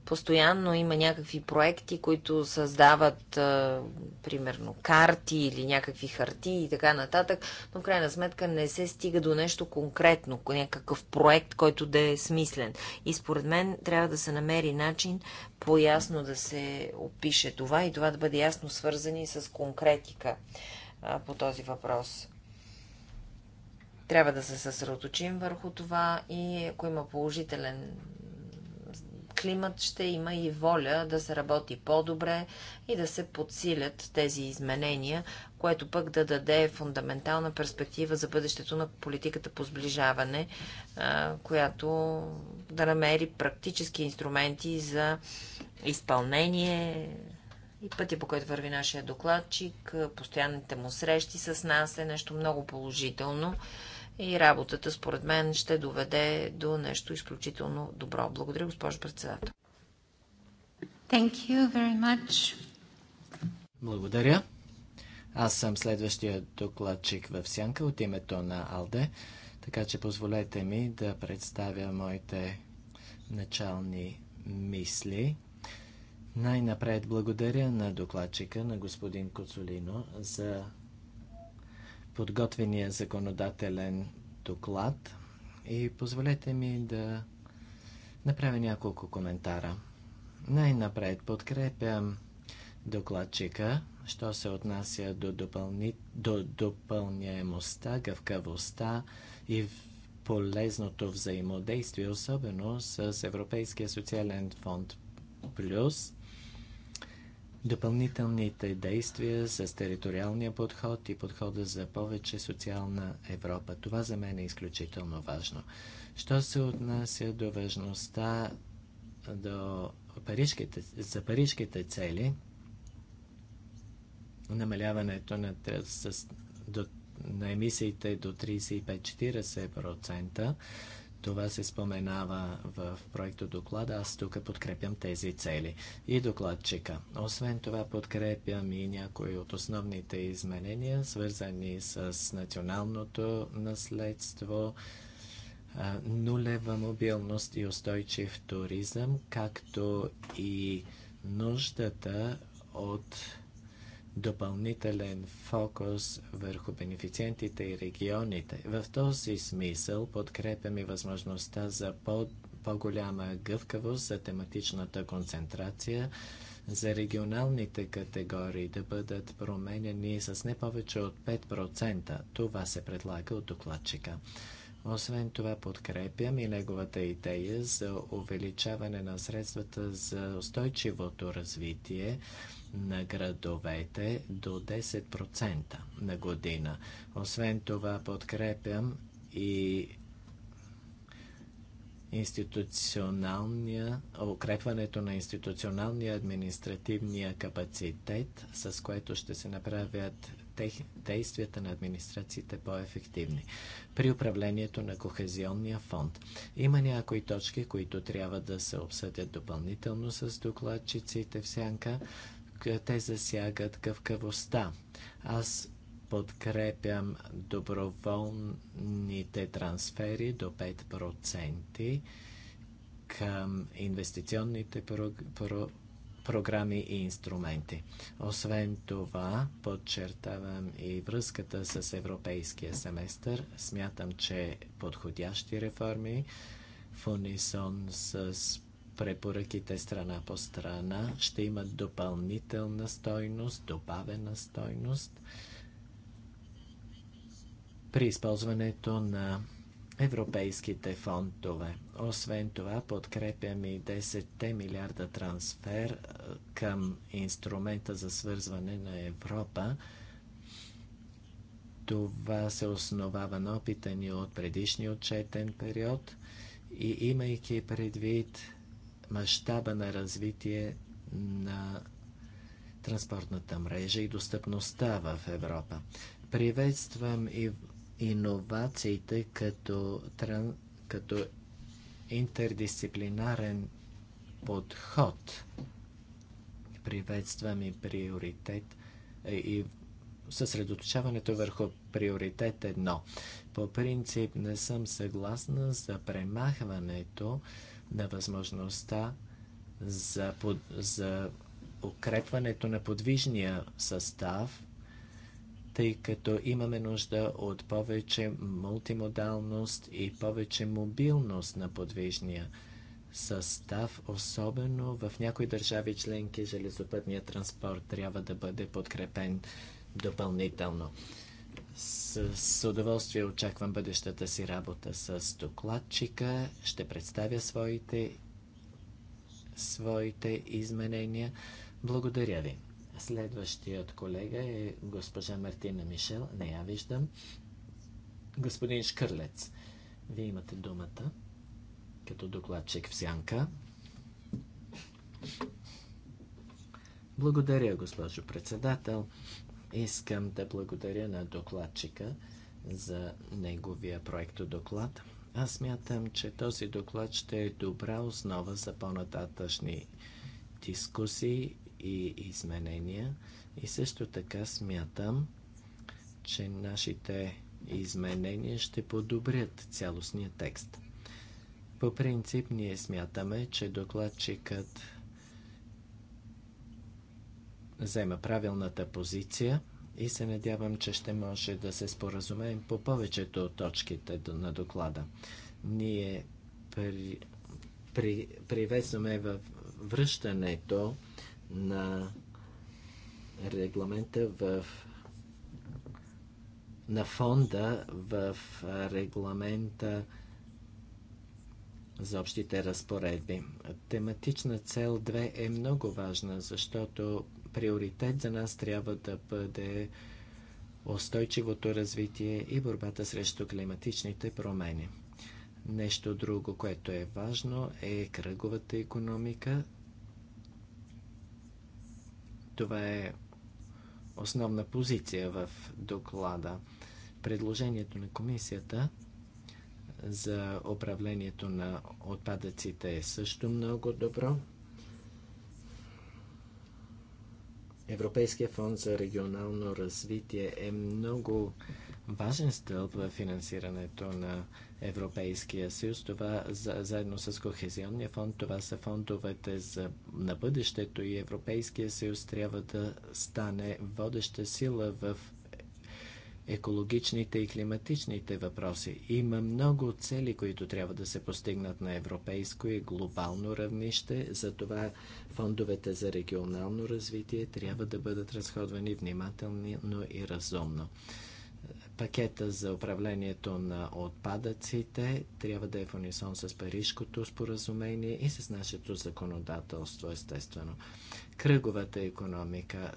Постоянно има някакви проекти, които създават, а, примерно, карти или някакви хартии и така нататък, но в крайна сметка не се стига до нещо конкретно, някакъв проект, който да е смислен. И според мен трябва да се намери начин по-ясно да се опише това и това да бъде ясно свързани с конкретика а, по този въпрос трябва да се съсредоточим върху това и ако има положителен климат ще има и воля да се работи по-добре и да се подсилят тези изменения, което пък да даде фундаментална перспектива за бъдещето на политиката по сближаване, която да намери практически инструменти за изпълнение и пътя, по който върви нашия докладчик, постоянните му срещи с нас е нещо много положително и работата, според мен, ще доведе до нещо изключително добро. Благодаря, госпожо председател. Thank you very much. Благодаря. Аз съм следващия докладчик в Сянка от името на Алде, така че позволете ми да представя моите начални мисли. Най-напред благодаря на докладчика, на господин Коцолино, за подготвения законодателен доклад и позволете ми да направя няколко коментара. Най-напред подкрепям докладчика, що се отнася до, допълни... до допълняемостта, гъвкавостта и полезното взаимодействие, особено с Европейския социален фонд Плюс допълнителните действия с териториалния подход и подхода за повече социална Европа. Това за мен е изключително важно. Що се отнася до важността до парижките, за парижките цели, намаляването на, с, до, на емисиите до 35-40%, това се споменава в проекто доклада. Аз тук подкрепям тези цели и докладчика. Освен това подкрепям и някои от основните изменения, свързани с националното наследство, нулева мобилност и устойчив туризъм, както и нуждата от допълнителен фокус върху бенефициентите и регионите. В този смисъл подкрепяме възможността за по- по-голяма гъвкавост за тематичната концентрация, за регионалните категории да бъдат променени с не повече от 5%. Това се предлага от докладчика. Освен това подкрепям и неговата идея за увеличаване на средствата за устойчивото развитие на градовете до 10% на година. Освен това подкрепям и институционалния, укрепването на институционалния административния капацитет, с което ще се направят действията на администрациите по-ефективни. При управлението на Кохезионния фонд има някои точки, които трябва да се обсъдят допълнително с докладчиците в сянка. Е, те засягат гъвкавостта. Аз подкрепям доброволните трансфери до 5% към инвестиционните про, про, програми и инструменти. Освен това, подчертавам и връзката с европейския семестър. Смятам, че подходящи реформи в унисон с препоръките страна по страна ще имат допълнителна стойност, добавена стойност при използването на европейските фондове. Освен това, подкрепям и 10 те милиарда трансфер към инструмента за свързване на Европа. Това се основава на опита ни от предишния отчетен период и имайки предвид мащаба на развитие на транспортната мрежа и достъпността в Европа. Приветствам и иновациите като, тран... като интердисциплинарен подход. Приветствам и приоритет е, и съсредоточаването върху приоритет едно. По принцип не съм съгласна за премахването на възможността за, под, за укрепването на подвижния състав, тъй като имаме нужда от повече мултимодалност и повече мобилност на подвижния състав, особено в някои държави членки железопътния транспорт трябва да бъде подкрепен допълнително. С, удоволствие очаквам бъдещата си работа с докладчика. Ще представя своите, своите изменения. Благодаря ви. Следващият колега е госпожа Мартина Мишел. Не я виждам. Господин Шкърлец, вие имате думата като докладчик в сянка. Благодаря, госпожо председател. Искам да благодаря на докладчика за неговия проектодоклад. Аз мятам, че този доклад ще е добра основа за по-нататъчни дискусии и изменения. И също така смятам, че нашите изменения ще подобрят цялостния текст. По принцип ние смятаме, че докладчикът взема правилната позиция и се надявам, че ще може да се споразумеем по повечето от точките на доклада. Ние при, при, приветстваме във връщането на регламента в на фонда в регламента за общите разпоредби. Тематична цел 2 е много важна, защото приоритет за нас трябва да бъде устойчивото развитие и борбата срещу климатичните промени. Нещо друго, което е важно, е кръговата економика. Това е основна позиция в доклада. Предложението на комисията за управлението на отпадъците е също много добро. Европейския фонд за регионално развитие е много важен стълб в финансирането на Европейския съюз. Това за, заедно с Кохезионния фонд, това са фондовете за, на бъдещето и Европейския съюз трябва да стане водеща сила в екологичните и климатичните въпроси. Има много цели, които трябва да се постигнат на европейско и глобално равнище. Затова фондовете за регионално развитие трябва да бъдат разходвани внимателно и разумно. Пакета за управлението на отпадъците трябва да е в унисон с Парижкото споразумение и с нашето законодателство, естествено. Кръговата економика,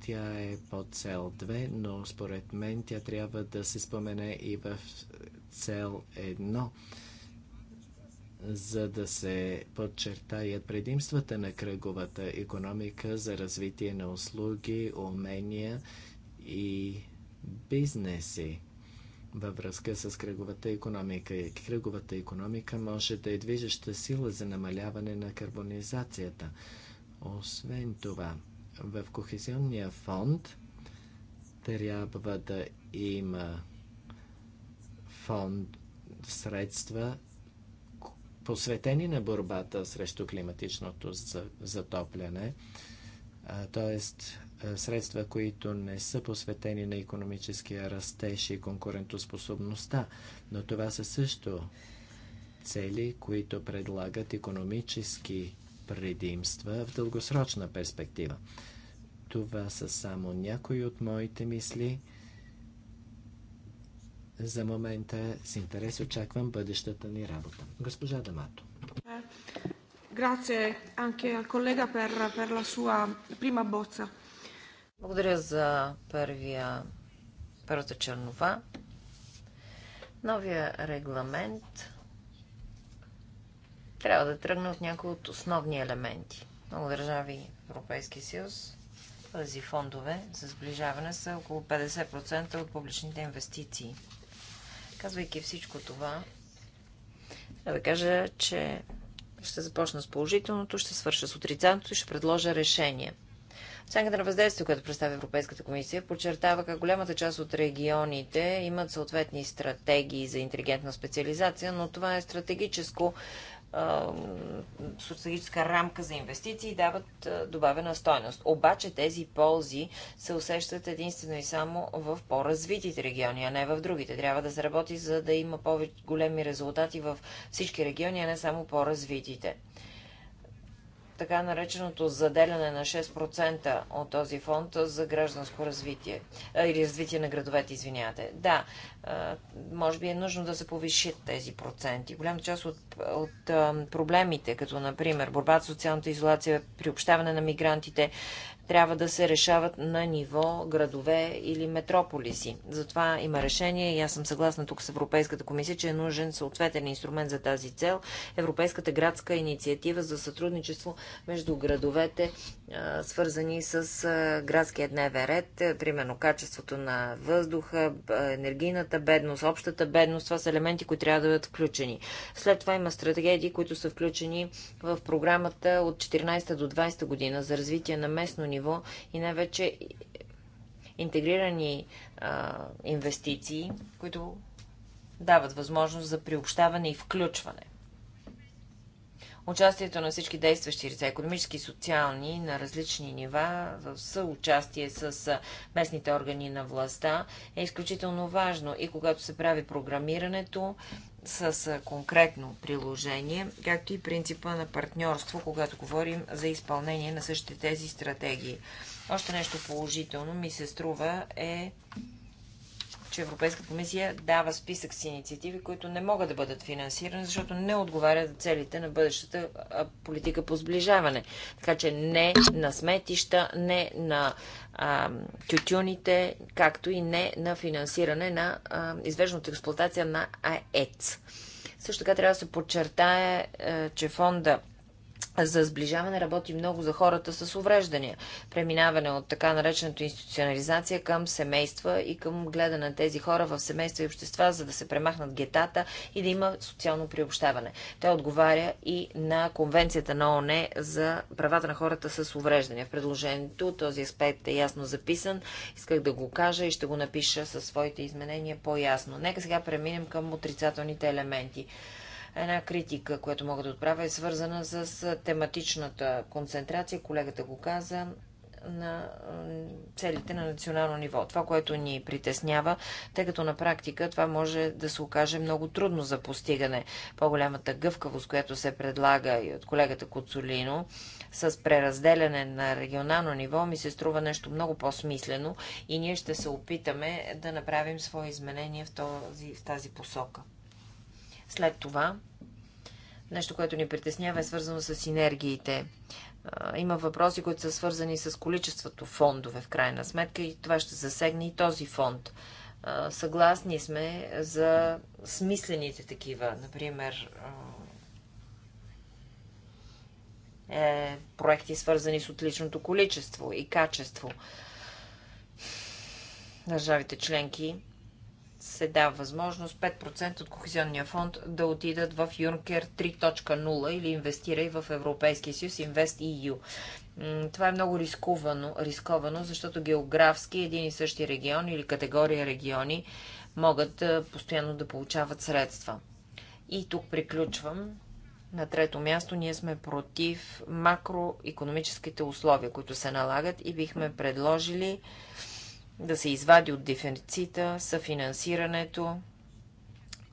тя е по цел 2, но според мен тя трябва да се спомене и в цел 1 за да се подчертаят предимствата на кръговата економика за развитие на услуги, умения и бизнеси във връзка с кръговата економика. И кръговата економика може да е движеща сила за намаляване на карбонизацията. Освен това, в Кохезионния фонд трябва да има фонд средства, посветени на борбата срещу климатичното затопляне. Тоест, е, средства, които не са посветени на економическия растеж и конкурентоспособността, но това са също цели, които предлагат економически предимства в дългосрочна перспектива. Това са само някои от моите мисли. За момента с интерес очаквам бъдещата ни работа. Госпожа Дамато. Grazie anche al collega per, per la sua prima bozza. Благодаря за първия, първата чернова. Новия регламент трябва да тръгне от някои от основни елементи. Много държави Европейски съюз, тези фондове за сближаване са около 50% от публичните инвестиции. Казвайки всичко това, трябва да кажа, че ще започна с положителното, ще свърша с отрицателното и ще предложа решение – Оценката на въздействие, което представя Европейската комисия, подчертава как голямата част от регионите имат съответни стратегии за интелигентна специализация, но това е стратегическо стратегическа рамка за инвестиции дават добавена стойност. Обаче тези ползи се усещат единствено и само в по-развитите региони, а не в другите. Трябва да се работи, за да има повече големи резултати в всички региони, а не само по-развитите така нареченото заделяне на 6% от този фонд за гражданско развитие или развитие на градовете, извинявате. Да, може би е нужно да се повишат тези проценти. Голяма част от, от проблемите, като например борбата с социалната изолация, приобщаване на мигрантите, трябва да се решават на ниво градове или метрополиси. Затова има решение и аз съм съгласна тук с Европейската комисия, че е нужен съответен инструмент за тази цел. Европейската градска инициатива за сътрудничество между градовете, свързани с градския дневен ред, е, примерно качеството на въздуха, енергийната бедност, общата бедност, това са елементи, които трябва да бъдат включени. След това има стратегии, които са включени в програмата от 14 до 20 година за развитие на местно ниво ниво и най-вече интегрирани а, инвестиции, които дават възможност за приобщаване и включване. Участието на всички действащи лица, економически и социални, на различни нива, в съучастие с местните органи на властта е изключително важно и когато се прави програмирането, с конкретно приложение, както и принципа на партньорство, когато говорим за изпълнение на същите тези стратегии. Още нещо положително ми се струва е че Европейската комисия дава списък с инициативи, които не могат да бъдат финансирани, защото не отговарят за целите на бъдещата политика по сближаване. Така че не на сметища, не на а, тютюните, както и не на финансиране на а, извеждането експлуатация на АЕЦ. Също така трябва да се подчертае, а, е, че фонда за сближаване работи много за хората с увреждания. Преминаване от така наречената институционализация към семейства и към гледане на тези хора в семейства и общества, за да се премахнат гетата и да има социално приобщаване. Той отговаря и на Конвенцията на ООН за правата на хората с увреждания. В предложението този аспект е ясно записан. Исках да го кажа и ще го напиша със своите изменения по-ясно. Нека сега преминем към отрицателните елементи. Една критика, която мога да отправя, е свързана с тематичната концентрация, колегата го каза, на целите на национално ниво. Това, което ни притеснява, тъй като на практика това може да се окаже много трудно за постигане. По-голямата гъвкавост, която се предлага и от колегата Коцолино, с преразделяне на регионално ниво, ми се струва нещо много по-смислено и ние ще се опитаме да направим свои изменения в, този, в тази посока. След това, нещо, което ни притеснява, е свързано с синергиите. Има въпроси, които са свързани с количеството фондове, в крайна сметка, и това ще засегне и този фонд съгласни сме за смислените такива. Например, е, проекти свързани с отличното количество и качество. Държавите членки се дава възможност 5% от Кохезионния фонд да отидат в Юнкер 3.0 или инвестирай в Европейския съюз, Инвест EU. Това е много рисковано, рисковано, защото географски един и същи регион или категория региони могат постоянно да получават средства. И тук приключвам. На трето място ние сме против макроекономическите условия, които се налагат и бихме предложили да се извади от дефицита съфинансирането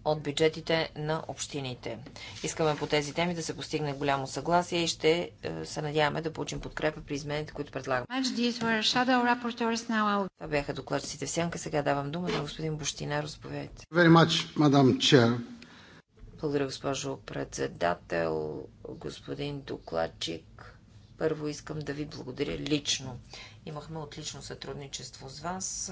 от бюджетите на общините. Искаме по тези теми да се постигне голямо съгласие и ще е, се надяваме да получим подкрепа при измените, които предлагаме. Това бяха докладчиците в сянка. Сега давам дума на господин Бощина. Разповядайте. Благодаря, госпожо председател, господин докладчик. Първо искам да ви благодаря лично. Имахме отлично сътрудничество с вас.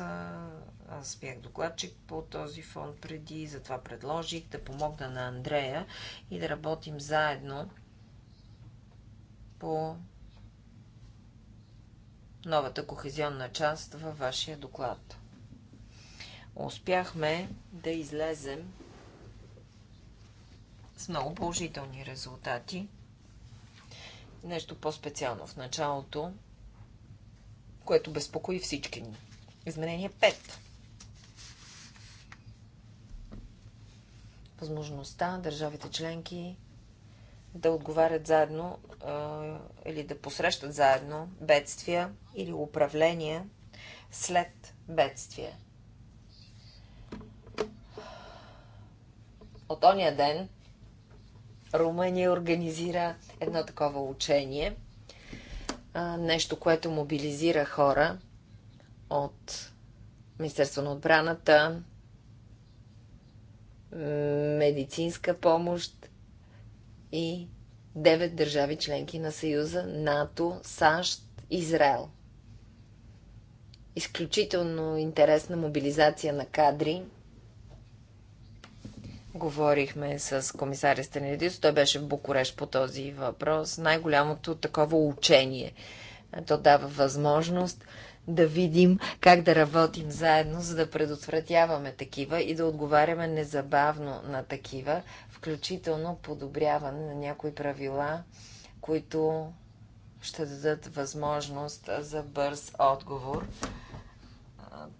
Аз бях докладчик по този фонд преди, затова предложих да помогна на Андрея и да работим заедно по новата кохезионна част във вашия доклад. Успяхме да излезем с много положителни резултати нещо по-специално в началото, което безпокои всички ни. Изменение 5. Възможността държавите членки да отговарят заедно или да посрещат заедно бедствия или управление след бедствия. От ония ден, Румъния организира едно такова учение. Нещо, което мобилизира хора от Министерство на отбраната, медицинска помощ и девет държави членки на Съюза, НАТО, САЩ, Израел. Изключително интересна мобилизация на кадри – Говорихме с комисаря Станидис, той беше в Букуреш по този въпрос. Най-голямото такова учение. То дава възможност да видим как да работим заедно, за да предотвратяваме такива и да отговаряме незабавно на такива, включително подобряване на някои правила, които ще дадат възможност за бърз отговор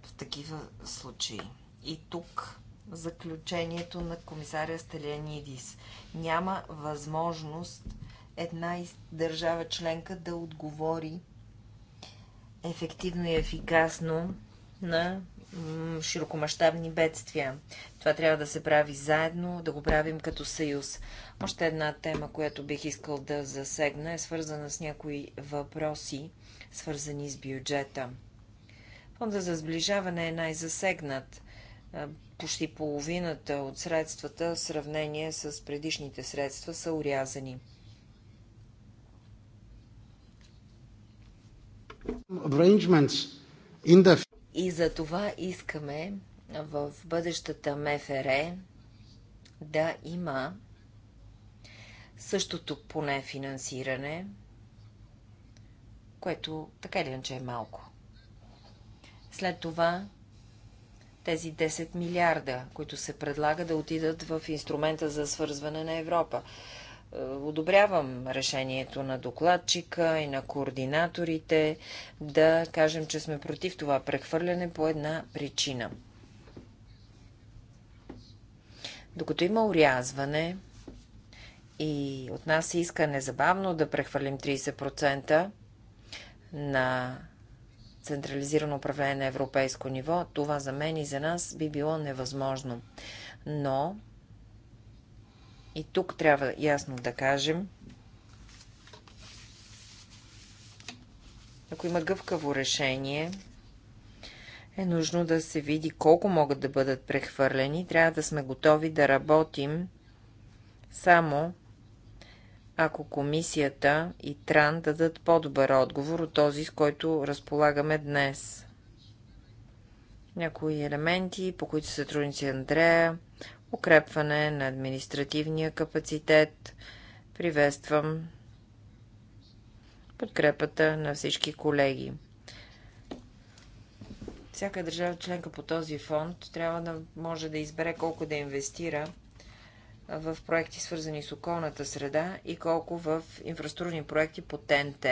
в такива случаи. И тук заключението на комисаря Стелянидис. Няма възможност една държава членка да отговори ефективно и ефикасно на широкомащабни бедствия. Това трябва да се прави заедно, да го правим като съюз. Още една тема, която бих искал да засегна, е свързана с някои въпроси, свързани с бюджета. Фонда за сближаване е най-засегнат почти половината от средствата в сравнение с предишните средства са урязани. И за това искаме в бъдещата МФР да има същото поне финансиране, което така или иначе е малко. След това тези 10 милиарда, които се предлага да отидат в инструмента за свързване на Европа. Е, одобрявам решението на докладчика и на координаторите да кажем, че сме против това прехвърляне по една причина. Докато има урязване и от нас се иска незабавно да прехвърлим 30% на централизирано управление на европейско ниво, това за мен и за нас би било невъзможно. Но и тук трябва ясно да кажем, ако има гъвкаво решение, е нужно да се види колко могат да бъдат прехвърлени. Трябва да сме готови да работим само ако комисията и Тран дадат по-добър отговор от този, с който разполагаме днес. Някои елементи, по които сътрудници Андрея, укрепване на административния капацитет. Приветствам подкрепата на всички колеги. Всяка държава членка по този фонд трябва да може да избере колко да инвестира – в проекти свързани с околната среда и колко в инфраструктурни проекти по ТНТ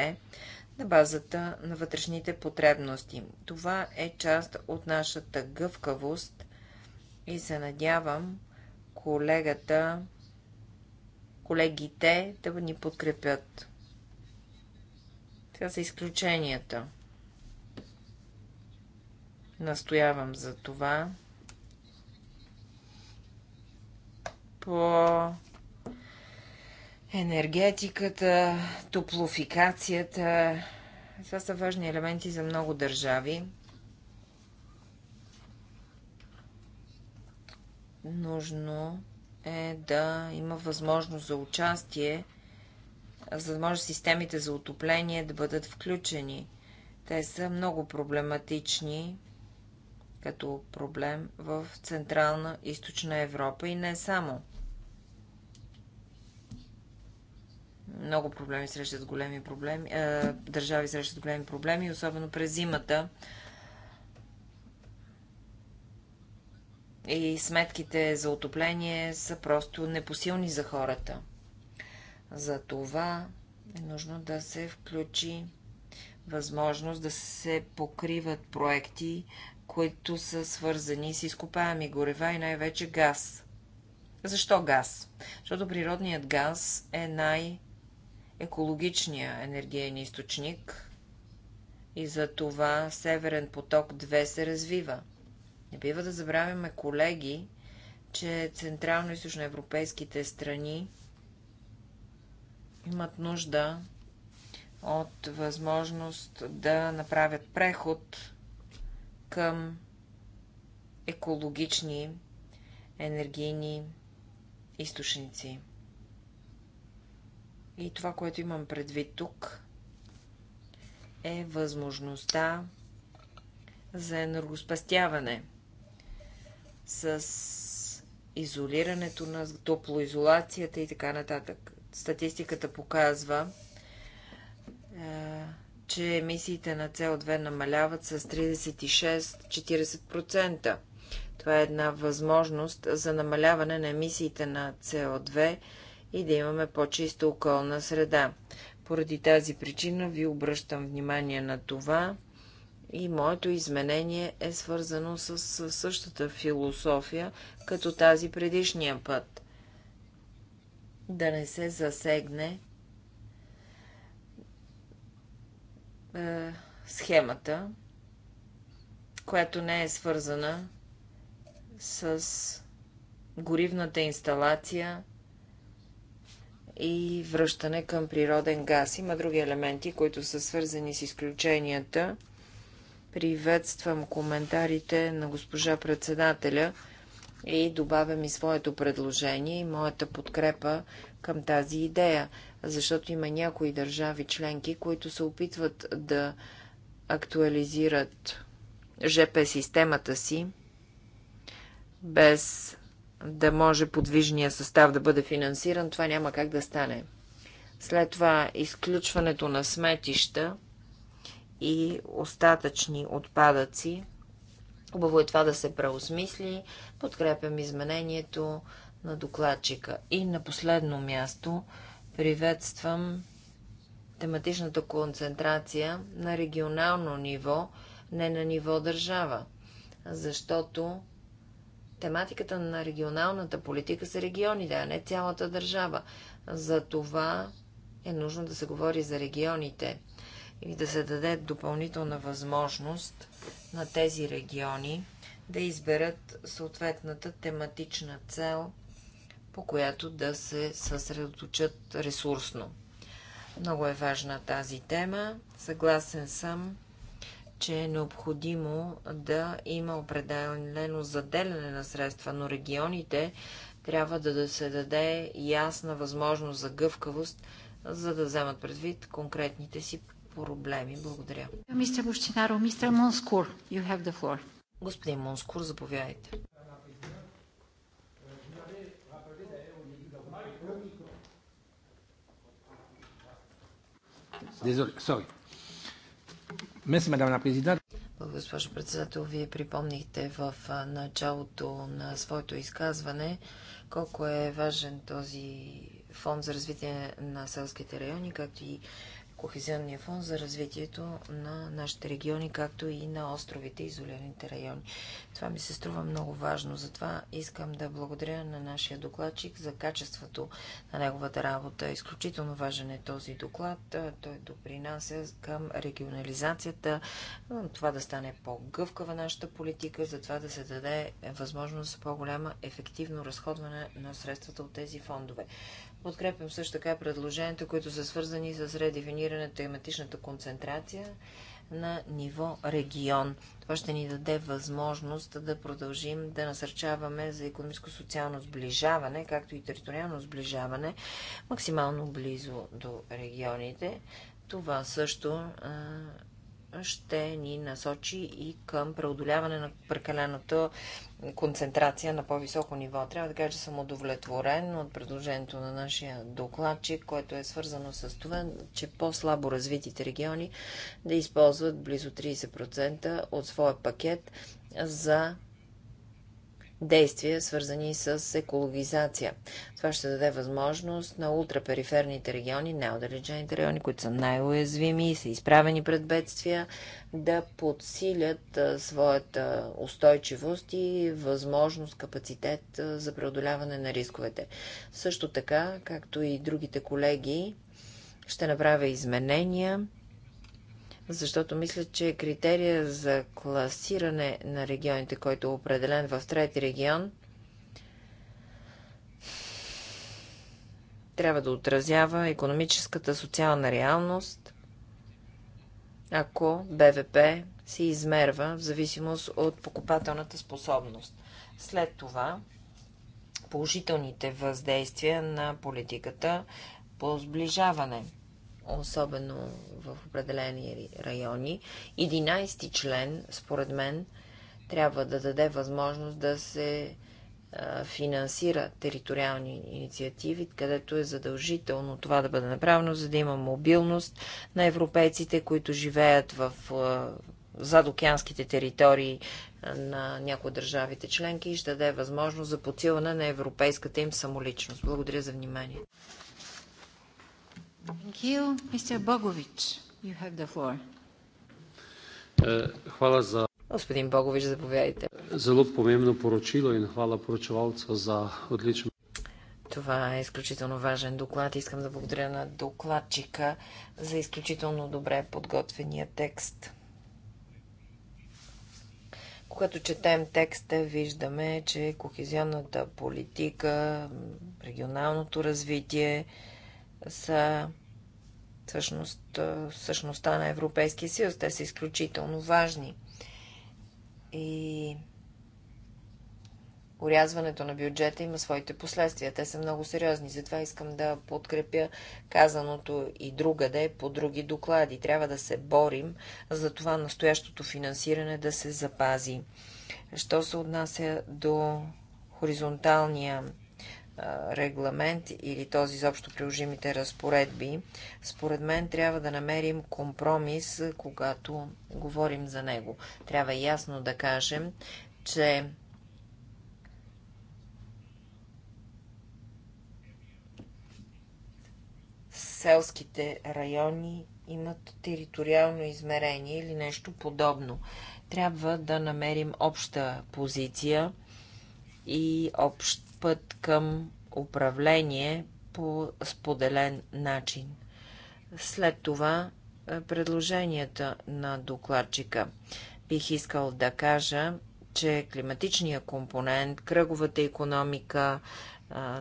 на базата на вътрешните потребности. Това е част от нашата гъвкавост и се надявам колегата, колегите да ни подкрепят. Това са изключенията. Настоявам за това. по енергетиката, топлофикацията. Това са важни елементи за много държави. Нужно е да има възможност за участие, за да може системите за отопление да бъдат включени. Те са много проблематични като проблем в Централна и Източна Европа и не само – Много проблеми срещат големи проблеми, е, държави срещат големи проблеми, особено през зимата. И сметките за отопление са просто непосилни за хората. За това е нужно да се включи възможност да се покриват проекти, които са свързани с изкопаеми горева и най-вече газ. Защо газ? Защото природният газ е най- екологичния енергиен източник и за това Северен поток 2 се развива. Не бива да забравяме, колеги, че централно-источноевропейските страни имат нужда от възможност да направят преход към екологични енергийни източници. И това, което имам предвид тук, е възможността за енергоспастяване с изолирането на топлоизолацията и така нататък. Статистиката показва, е, че емисиите на CO2 намаляват с 36-40%. Това е една възможност за намаляване на емисиите на CO2 и да имаме по-чиста околна среда. Поради тази причина ви обръщам внимание на това и моето изменение е свързано с същата философия, като тази предишния път. Да не се засегне е, схемата, която не е свързана с горивната инсталация и връщане към природен газ. Има други елементи, които са свързани с изключенията. Приветствам коментарите на госпожа председателя и добавям и своето предложение и моята подкрепа към тази идея, защото има някои държави членки, които се опитват да актуализират ЖП системата си без да може подвижния състав да бъде финансиран, това няма как да стане. След това изключването на сметища и остатъчни отпадъци. Хубаво е това да се преосмисли. Подкрепям изменението на докладчика. И на последно място приветствам тематичната концентрация на регионално ниво, не на ниво държава, защото тематиката на регионалната политика са регионите, а не цялата държава. За това е нужно да се говори за регионите и да се даде допълнителна възможност на тези региони да изберат съответната тематична цел, по която да се съсредоточат ресурсно. Много е важна тази тема. Съгласен съм че е необходимо да има определено заделяне на средства, но регионите трябва да се даде ясна възможност за гъвкавост, за да вземат предвид конкретните си проблеми. Благодаря. Мистер Бущинаро, мистер Монскур, you have the floor. Господин Монскур, заповядайте. Désolé, sorry. Меси, мадам на президент. Госпожо председател, вие припомнихте в началото на своето изказване колко е важен този фонд за развитие на селските райони, както и Кохезионния фонд за развитието на нашите региони, както и на островите, изолираните райони. Това ми се струва много важно. Затова искам да благодаря на нашия докладчик за качеството на неговата работа. Изключително важен е този доклад. Той допринася към регионализацията, това да стане по-гъвкава нашата политика, за това да се даде възможност за по-голяма ефективно разходване на средствата от тези фондове. Подкрепям също така предложенията, които са свързани с редефинирането и тематичната концентрация на ниво регион. Това ще ни даде възможност да продължим да насърчаваме за економическо-социално сближаване, както и териториално сближаване, максимално близо до регионите. Това също ще ни насочи и към преодоляване на прекаленото концентрация на по-високо ниво. Трябва да кажа, че съм удовлетворен от предложението на нашия докладчик, което е свързано с това, че по-слабо развитите региони да използват близо 30% от своя пакет за действия, свързани с екологизация. Това ще даде възможност на ултрапериферните региони, неодалечените райони, които са най-уязвими и са изправени пред бедствия, да подсилят своята устойчивост и възможност, капацитет за преодоляване на рисковете. Също така, както и другите колеги, ще направя изменения защото мисля, че критерия за класиране на регионите, който е определен в трети регион, трябва да отразява економическата социална реалност, ако БВП се измерва в зависимост от покупателната способност. След това положителните въздействия на политиката по сближаване – особено в определени райони. 11 ти член, според мен, трябва да даде възможност да се финансира териториални инициативи, където е задължително това да бъде направено, за да има мобилност на европейците, които живеят в задокеанските територии на някои държавите членки и ще даде възможност за подсилване на европейската им самоличност. Благодаря за внимание. Hvala za е, Господин Богович, заповядайте. Зело помемно поручило и хвала поручувалца за отлично. Това е изключително важен доклад. Искам да благодаря на докладчика за изключително добре подготвения текст. Когато четем текста, виждаме, че кохезионната политика, регионалното развитие, за всъщност, същността на Европейския съюз. Те са изключително важни. И урязването на бюджета има своите последствия. Те са много сериозни. Затова искам да подкрепя казаното и другаде по други доклади. Трябва да се борим за това настоящото финансиране да се запази. Що се отнася до хоризонталния регламент или този изобщо приложимите разпоредби, според мен трябва да намерим компромис, когато говорим за него. Трябва ясно да кажем, че селските райони имат териториално измерение или нещо подобно. Трябва да намерим обща позиция и общ път към управление по споделен начин. След това е, предложенията на докладчика. Бих искал да кажа, че климатичния компонент, кръговата економика,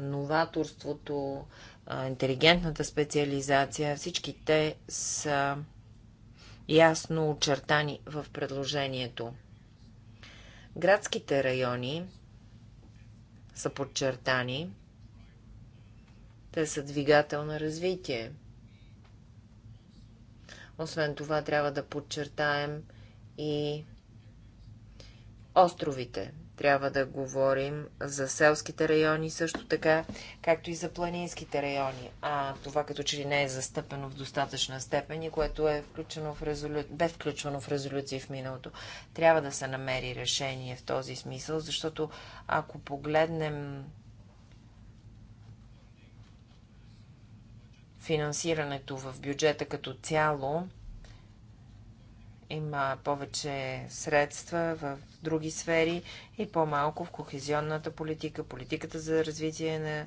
новаторството, интелигентната специализация, всички те са ясно очертани в предложението. Градските райони са подчертани. Те са двигател на развитие. Освен това, трябва да подчертаем и островите. Трябва да говорим за селските райони също така, както и за планинските райони. А това като че ли не е застъпено в достатъчна степен и което е включено в резолю... бе включено в резолюции в миналото. Трябва да се намери решение в този смисъл, защото ако погледнем финансирането в бюджета като цяло, има повече средства в други сфери и по-малко в кохезионната политика, политиката за развитие на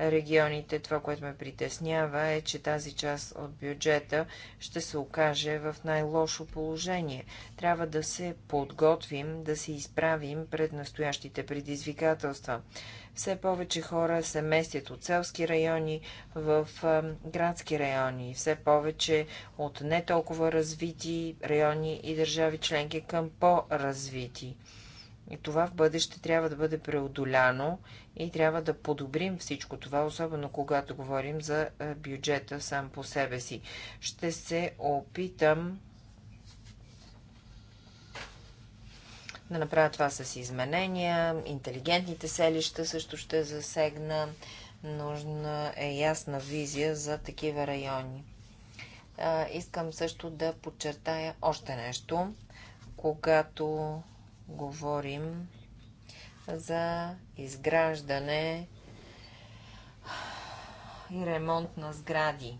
регионите. Това, което ме притеснява е, че тази част от бюджета ще се окаже в най-лошо положение. Трябва да се подготвим, да се изправим пред настоящите предизвикателства. Все повече хора се местят от селски райони в градски райони, все повече от не толкова развити райони и държави членки към по-развити и това в бъдеще трябва да бъде преодоляно и трябва да подобрим всичко това, особено когато говорим за е, бюджета сам по себе си. Ще се опитам да направя това с изменения. Интелигентните селища също ще засегна. Нужна е ясна визия за такива райони. Искам също да подчертая още нещо. Когато говорим за изграждане и ремонт на сгради.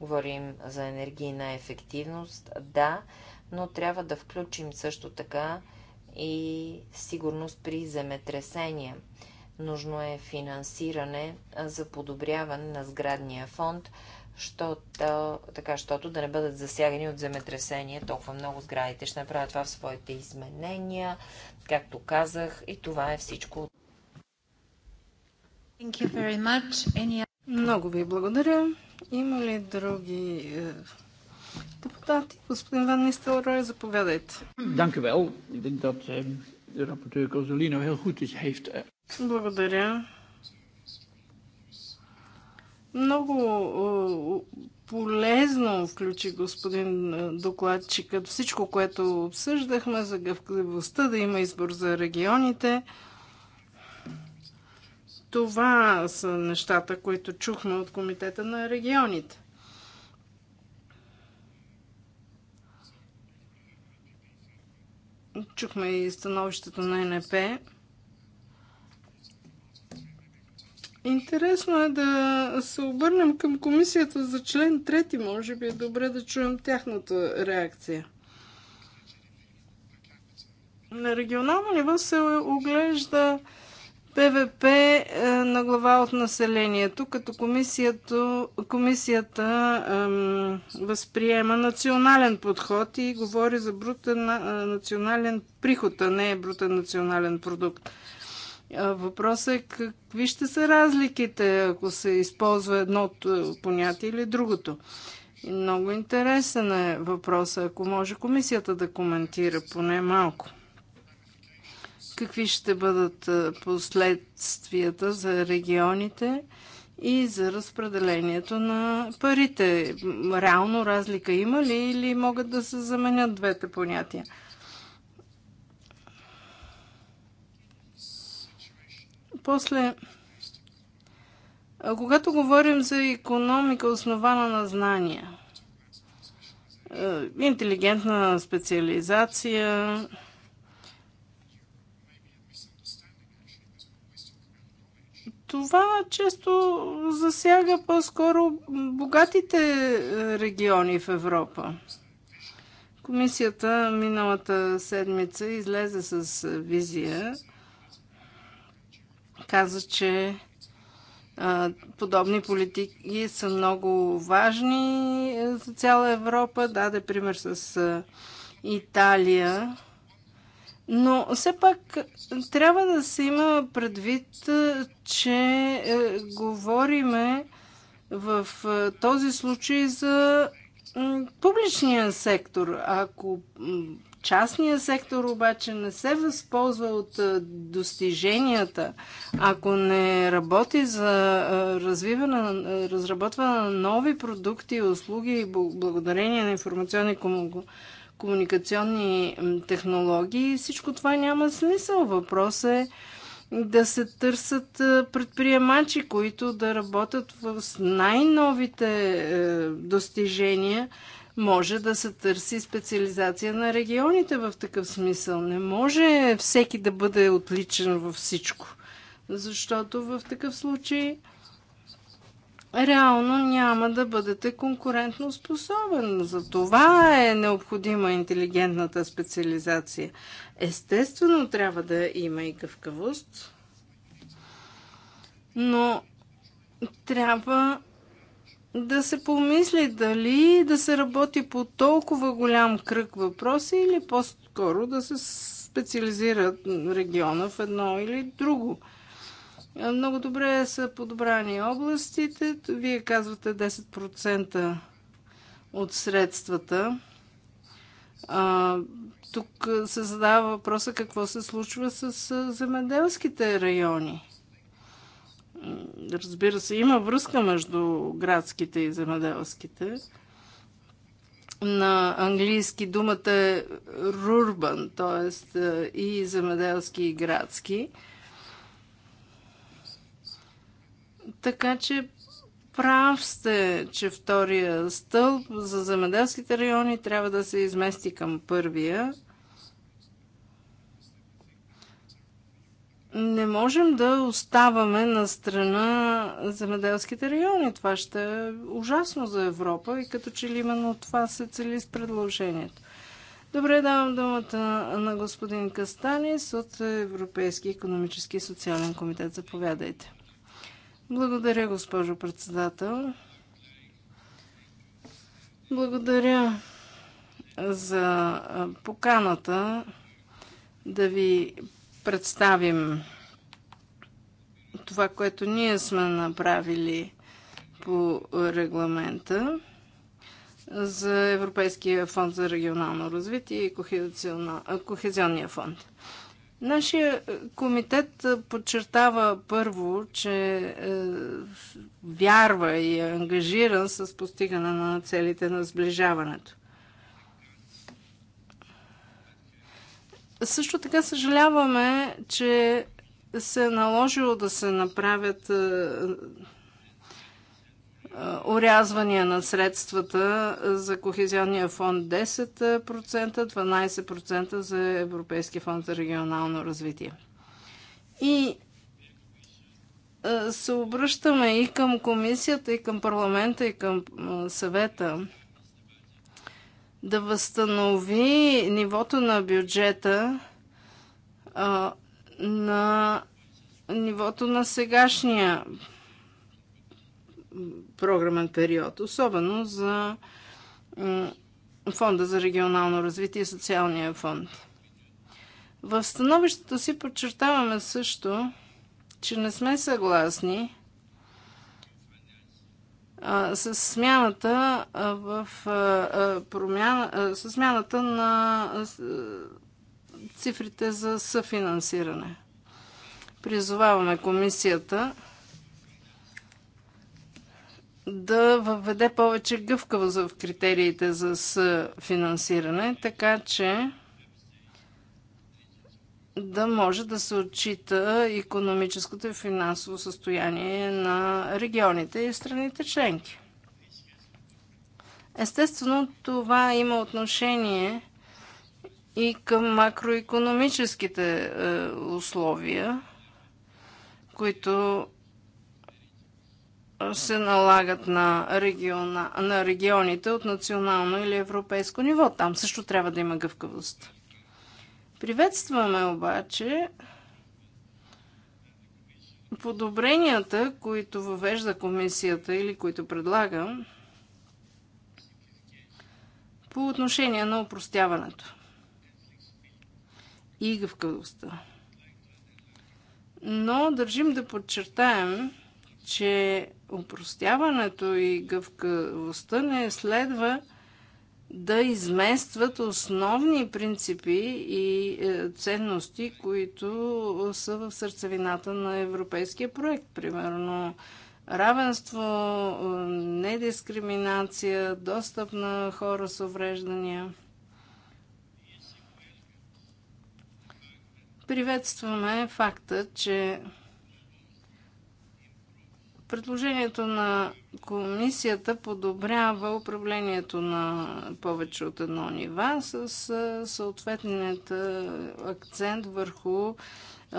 Говорим за енергийна ефективност, да, но трябва да включим също така и сигурност при земетресения. Нужно е финансиране за подобряване на сградния фонд, защото, така, защото да не бъдат засягани от земетресение толкова много сградите. Ще направят това в своите изменения, както казах, и това е всичко. Any... Много ви благодаря. Има ли други е, депутати? Господин Ван Нистелрой, заповядайте. Dank Ik denk dat ehm, de rapporteur heel goed is, е, Благодаря. Много е, полезно включи господин е, докладчикът всичко, което обсъждахме за гъвкливостта, да има избор за регионите. Това са нещата, които чухме от Комитета на регионите. Чухме и становището на НП. Интересно е да се обърнем към комисията за член 3. Може би е добре да чуем тяхната реакция. На регионално ниво се оглежда ПВП е, на глава от населението, като комисията, комисията ем, възприема национален подход и говори за брутен е, национален приход, а не брутен национален продукт. Въпросът е какви ще са разликите, ако се използва едното е, понятие или другото. И много интересен е въпросът, ако може комисията да коментира поне малко. Какви ще бъдат е, последствията за регионите и за разпределението на парите? Реално разлика има ли или могат да се заменят двете понятия? После, когато говорим за економика, основана на знания, интелигентна специализация, това често засяга по-скоро богатите региони в Европа. Комисията миналата седмица излезе с визия каза, че подобни политики са много важни е, за цяла Европа. Даде пример с Италия. Но все пак е, трябва да се има предвид, е, че говориме в този случай за публичния сектор. Ако Частният сектор обаче не се възползва от достиженията, ако не работи за развиване, разработване на нови продукти и услуги благодарение на информационни комуникационни технологии, всичко това няма смисъл. Въпрос е да се търсят предприемачи, които да работят с най-новите е, достижения, може да се търси специализация на регионите в такъв смисъл. Не може всеки да бъде отличен във всичко, защото в такъв случай реално няма да бъдете конкурентно способен. За това е необходима интелигентната специализация. Естествено, трябва да има и гъвкавост, но трябва да се помисли дали да се работи по толкова голям кръг въпроси или по-скоро да се специализират региона в едно или друго. Е, много добре са подобрани областите. Вие казвате 10% от средствата. А, тук се задава въпроса какво се случва с земеделските райони разбира се, има връзка между градските и земеделските. На английски думата е рурбан, т.е. и земеделски, и градски. Така че прав сте, че втория стълб за земеделските райони трябва да се измести към първия. не можем да оставаме на страна земеделските райони. Това ще е ужасно за Европа и като че ли именно това се цели с предложението. Добре, давам думата на господин Кастанис от Европейски економически и социален комитет. Заповядайте. Благодаря, госпожо председател. Благодаря за поканата да ви представим това, което ние сме направили по регламента за Европейския фонд за регионално развитие и Кохезионния фонд. Нашия комитет подчертава първо, че е, вярва и е ангажиран с постигане на целите на сближаването. Също така съжаляваме, че се е наложило да се направят е, е, орязвания на средствата за Кохезионния фонд 10%, 12% за Европейския фонд за регионално развитие. И е, се обръщаме и към комисията, и към парламента, и към съвета – да възстанови нивото на бюджета а, на нивото на сегашния програмен период, особено за Фонда за регионално развитие и социалния фонд. В становището си подчертаваме също, че не сме съгласни с смяната в промяна, с смяната на цифрите за съфинансиране. Призоваваме комисията да въведе повече гъвкавост в критериите за съфинансиране, така че да може да се отчита економическото и финансово състояние на регионите и страните членки. Естествено, това има отношение и към макроекономическите е, условия, които се налагат на, региона, на регионите от национално или европейско ниво. Там също трябва да има гъвкавост. Приветстваме обаче подобренията, които въвежда комисията или които предлагам по отношение на упростяването и гъвкавостта. Но държим да подчертаем, че упростяването и гъвкавостта не следва да изместват основни принципи и е, ценности, които са в сърцевината на европейския проект. Примерно равенство, е, недискриминация, достъп на хора с увреждания. Приветстваме факта, че Предложението на комисията подобрява управлението на повече от едно нива с съответният акцент върху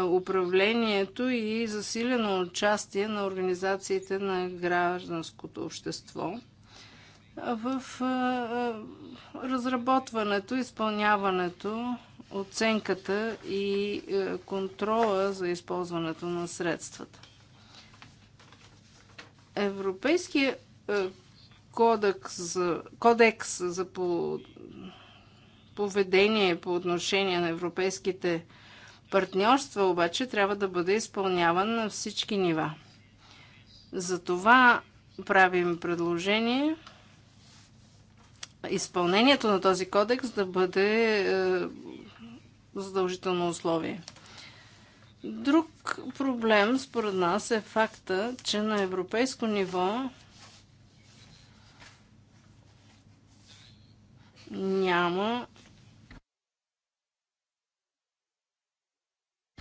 управлението и засилено участие на организациите на гражданското общество в разработването, изпълняването, оценката и контрола за използването на средствата. Европейския е, кодекс за, кодекс за по, поведение по отношение на европейските партньорства обаче трябва да бъде изпълняван на всички нива. Затова правим предложение изпълнението на този кодекс да бъде е, задължително условие. Друг проблем според нас е факта, че на европейско ниво няма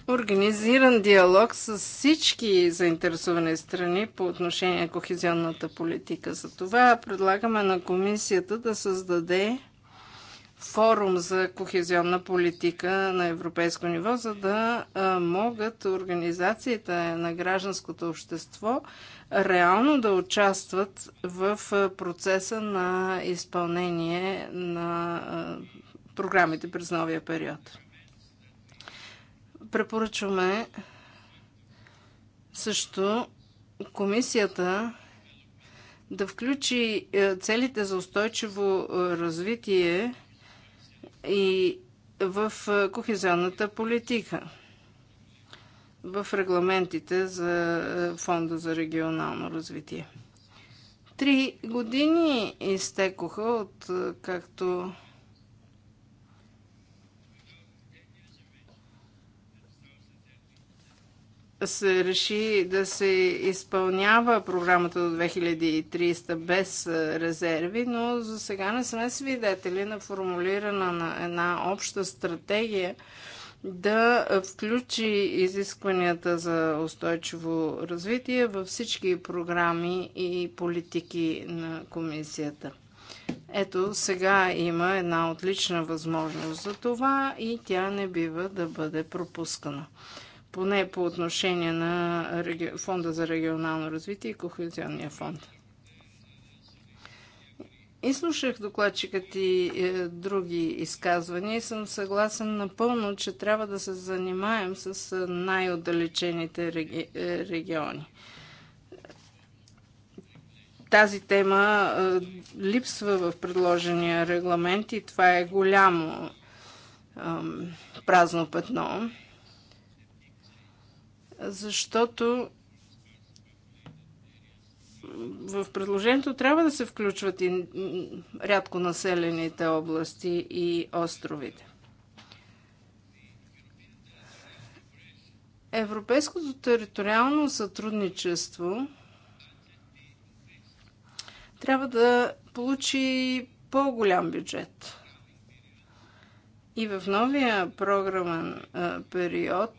организиран диалог с всички заинтересовани страни по отношение на кохезионната политика. За това предлагаме на комисията да създаде форум за кохезионна политика на европейско ниво, за да могат организациите на гражданското общество реално да участват в процеса на изпълнение на програмите през новия период. Препоръчваме също комисията да включи целите за устойчиво развитие и в кохезионната политика, в регламентите за Фонда за регионално развитие. Три години изтекоха от както се реши да се изпълнява програмата до 2300 без резерви, но за сега не сме свидетели на формулирана на една обща стратегия да включи изискванията за устойчиво развитие във всички програми и политики на комисията. Ето, сега има една отлична възможност за това и тя не бива да бъде пропускана поне по отношение на Фонда за регионално развитие и Кохезионния фонд. И слушах докладчикът и е, други изказвания и съм съгласен напълно, че трябва да се занимаем с е, най-отдалечените е, региони. Тази тема липсва в предложения регламент и това е голямо празно пътно защото в предложението трябва да се включват и рядко населените области и островите. Европейското териториално сътрудничество трябва да получи по-голям бюджет. И в новия програмен период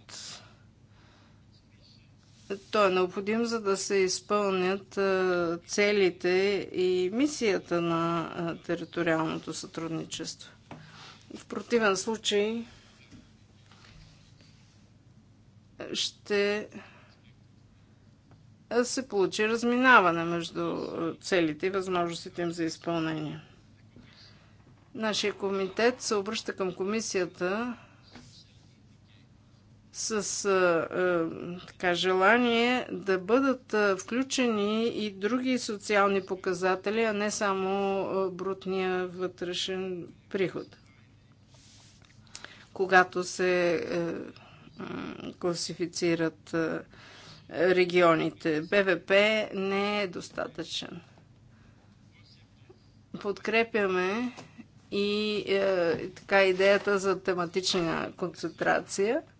той е необходим, за да се изпълнят целите и мисията на териториалното сътрудничество. В противен случай ще се получи разминаване между целите и възможностите им за изпълнение. Нашия комитет се обръща към комисията с а, а, така, желание да бъдат а, включени и други социални показатели, а не само а, брутния вътрешен приход. Когато се а, а, класифицират а, регионите, БВП не е достатъчен. Подкрепяме и е, така идеята за тематична концентрация –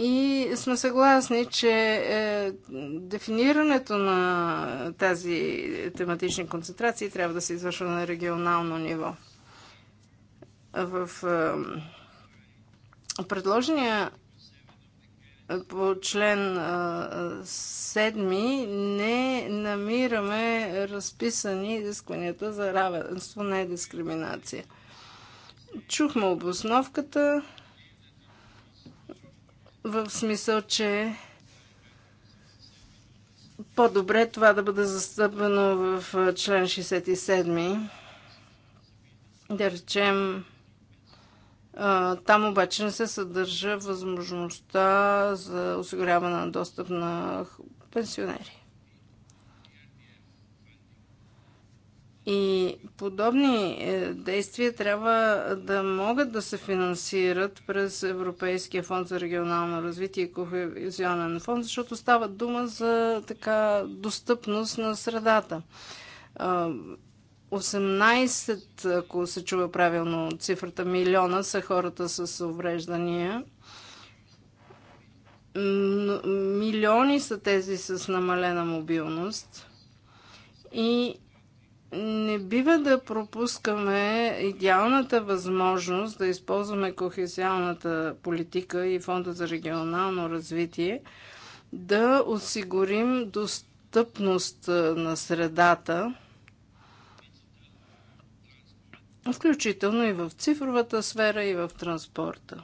И сме съгласни, че е, дефинирането на тази тематични концентрации трябва да се извършва на регионално ниво. В е, предложения по член 7 е, не намираме разписани изискванията за равенство, не дискриминация. Чухме обосновката в смисъл, че по-добре това да бъде застъпено в член 67. Да речем, там обаче не се съдържа възможността за осигуряване на достъп на пенсионери. И подобни е, действия трябва да могат да се финансират през Европейския фонд за регионално развитие и кохезионен фонд, защото става дума за така достъпност на средата. 18, ако се чува правилно цифрата, милиона са хората с увреждания. Милиони са тези с намалена мобилност. И не бива да пропускаме идеалната възможност да използваме кохезиалната политика и Фонда за регионално развитие да осигурим достъпност на средата, включително и в цифровата сфера и в транспорта.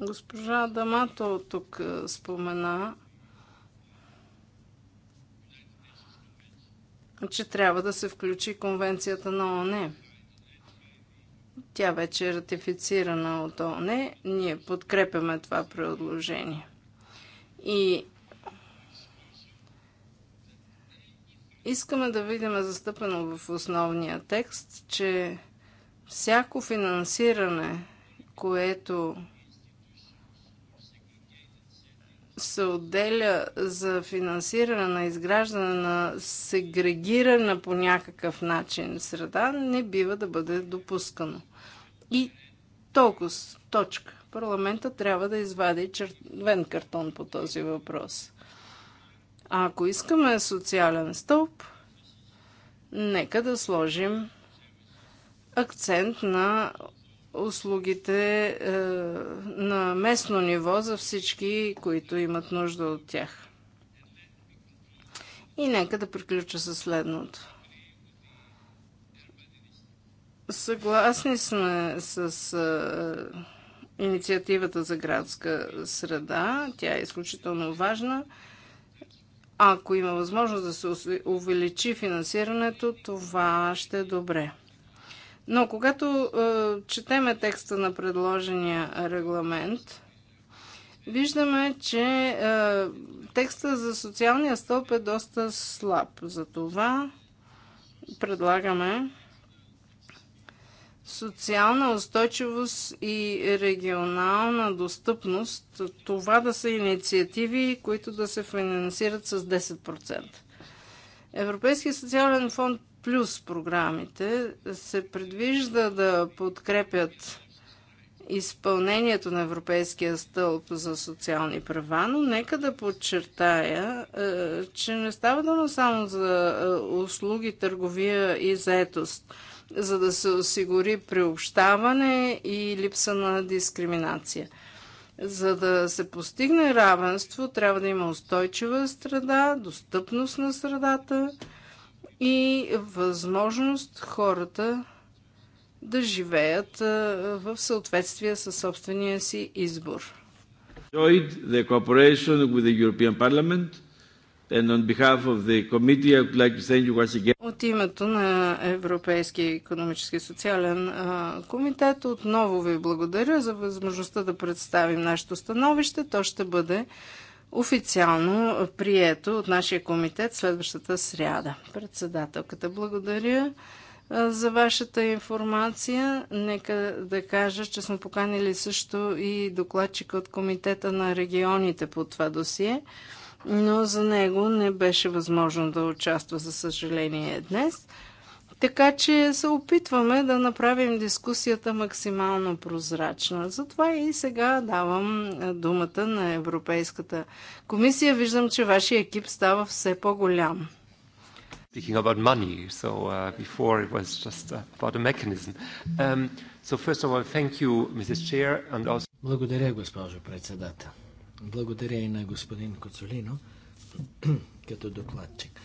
Госпожа Дамато тук спомена че трябва да се включи конвенцията на ООН. Тя вече е ратифицирана от ООН. Ние подкрепяме това предложение. И искаме да видим застъпено в основния текст, че всяко финансиране, което се отделя за финансиране на изграждане на сегрегирана по някакъв начин среда, не бива да бъде допускано. И толкова точка. Парламента трябва да извади червен картон по този въпрос. А ако искаме социален стълб, нека да сложим акцент на услугите е, на местно ниво за всички, които имат нужда от тях. И нека да приключа със следното. Съгласни сме с е, инициативата за градска среда. Тя е изключително важна. Ако има възможност да се увеличи финансирането, това ще е добре. Но когато е, четеме текста на предложения регламент, виждаме, че е, текста за социалния стълб е доста слаб. Затова предлагаме социална устойчивост и регионална достъпност, това да са инициативи, които да се финансират с 10%. Европейския социален фонд плюс програмите се предвижда да подкрепят изпълнението на Европейския стълб за социални права, но нека да подчертая, е, че не става дума само за е, услуги, търговия и заетост, за да се осигури приобщаване и липса на дискриминация. За да се постигне равенство, трябва да има устойчива среда, достъпност на средата – и възможност хората да живеят в съответствие със собствения си избор. The cooperation with the European Parliament От името на Европейския економически и социален комитет отново ви благодаря за възможността да представим нашето становище. То ще бъде официално прието от нашия комитет следващата сряда. Председателката, благодаря за вашата информация. Нека да кажа, че сме поканили също и докладчика от Комитета на регионите по това досие, но за него не беше възможно да участва, за съжаление, днес. Така че се опитваме да направим дискусията максимално прозрачна. Затова и сега давам е, думата на Европейската комисия. Виждам, че вашия екип става все по-голям. Speaking about money, so uh, before it was just uh, about a mechanism. Um, so first of all, thank you, Mrs. Chair, and also... Благодаря, госпожо председател. Благодаря и на господин Коцолино като докладчик.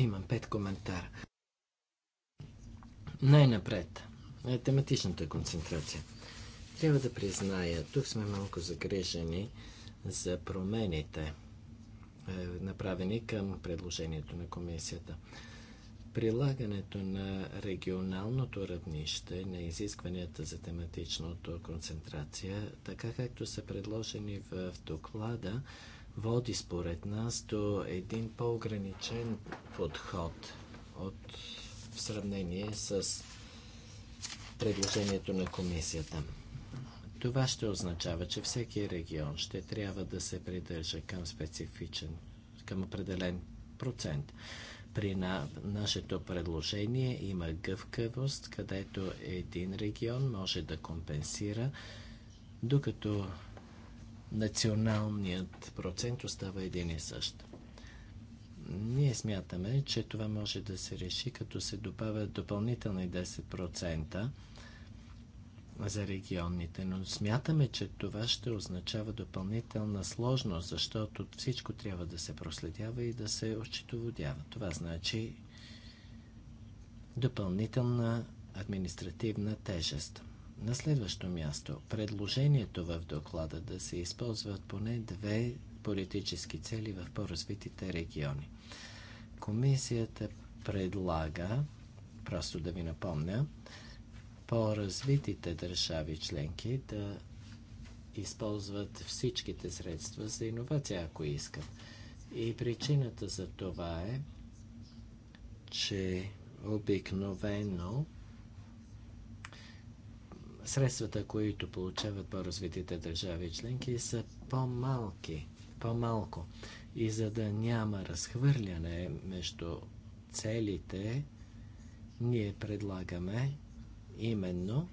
Имам пет коментара. Най-напред. Е тематичната концентрация. Трябва да призная, тук сме малко загрежени за промените, е, направени към предложението на комисията. Прилагането на регионалното равнище на изискванията за тематичното концентрация, така както са предложени в доклада, води според нас до един по-ограничен подход от, в сравнение с предложението на комисията. Това ще означава, че всеки регион ще трябва да се придържа към специфичен, към определен процент. При на, нашето предложение има гъвкавост, където един регион може да компенсира, докато националният процент остава един и същ. Ние смятаме, че това може да се реши, като се добавят допълнителни 10% за регионите, но смятаме, че това ще означава допълнителна сложност, защото всичко трябва да се проследява и да се отчетоводява. Това значи допълнителна административна тежест. На следващо място, предложението в доклада да се използват поне две политически цели в по-развитите региони. Комисията предлага, просто да ви напомня, по-развитите държави членки да използват всичките средства за иновация, ако искат. И причината за това е, че обикновено средствата, които получават по-развитите държави членки, са по-малки, по-малко. И за да няма разхвърляне между целите, ние предлагаме именно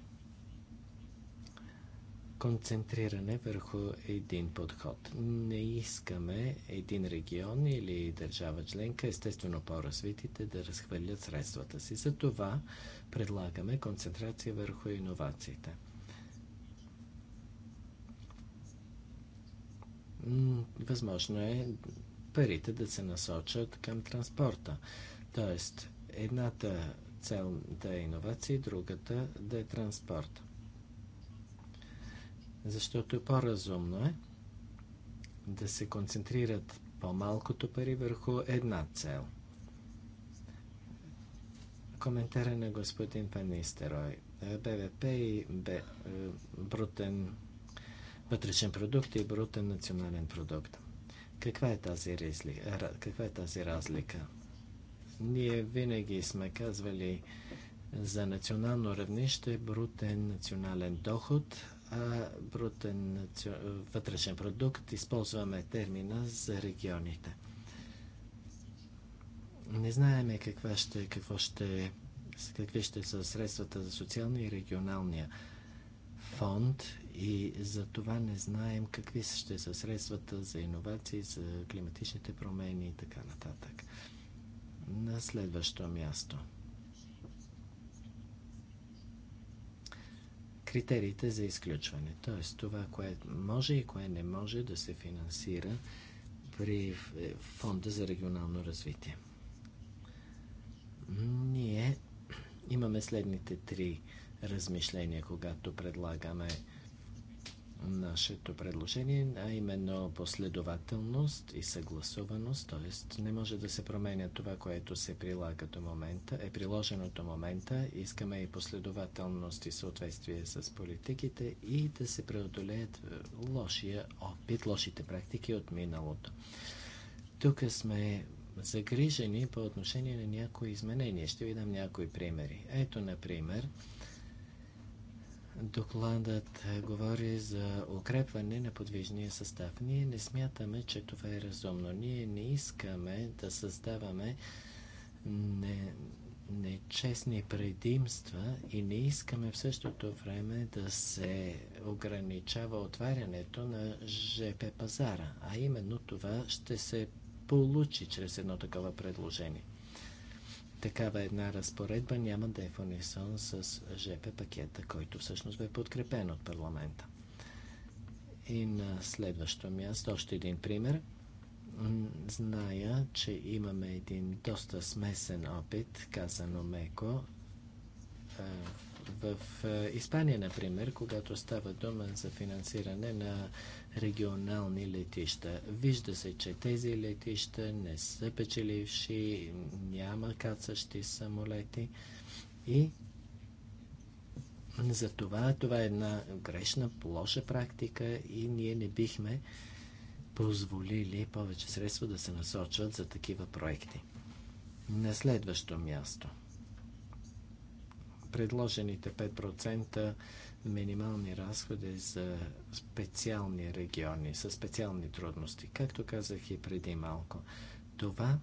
концентриране върху един подход. Не искаме един регион или държава членка, естествено по-развитите, да разхвърлят средствата си. За това предлагаме концентрация върху иновациите. Възможно е парите да се насочат към транспорта. Тоест, едната цел да е иновация, другата да е транспорт. Защото по-разумно е да се концентрират по-малкото пари върху една цел – Коментаря на господин Панистерой. Е, БВП и Б, е, брутен вътрешен продукт и брутен национален продукт. Каква е тази, разлика? Каква е тази разлика? Ние винаги сме казвали за национално равнище брутен национален доход, а брутен вътрешен продукт използваме термина за регионите. Не знаеме каква ще, какво ще, какви ще са средствата за социалния и регионалния фонд и за това не знаем какви ще са средствата за иновации, за климатичните промени и така нататък. На следващо място. Критериите за изключване, т.е. това, кое може и кое не може да се финансира при е, Фонда за регионално развитие. Ние имаме следните три размишления, когато предлагаме нашето предложение, а именно последователност и съгласуваност, т.е. не може да се променя това, което се прилага до момента, е приложено до момента. Искаме и последователност и съответствие с политиките и да се преодолеят е, лошия опит, лошите практики от миналото. Тук сме загрижени по отношение на някои изменения. Ще ви дам някои примери. Ето, например, докладът говори за укрепване на подвижния състав. Ние не смятаме, че това е разумно. Ние не искаме да създаваме не, нечестни предимства и не искаме в същото време да се ограничава отварянето на ЖП пазара. А именно това ще се получи чрез едно такова предложение. Такава една разпоредба няма да е в унисон с ЖП пакета, който всъщност бе подкрепен от парламента. И на следващо място още един пример. Зная, че имаме един доста смесен опит, казано меко, в е, Испания, например, когато става дума за финансиране на регионални летища, вижда се, че тези летища не са печеливши, няма кацащи самолети и затова това е една грешна, лоша практика и ние не бихме позволили повече средства да се насочват за такива проекти. На следващо място – предложените 5% минимални разходи за специални региони, със специални трудности. Както казах и преди малко, това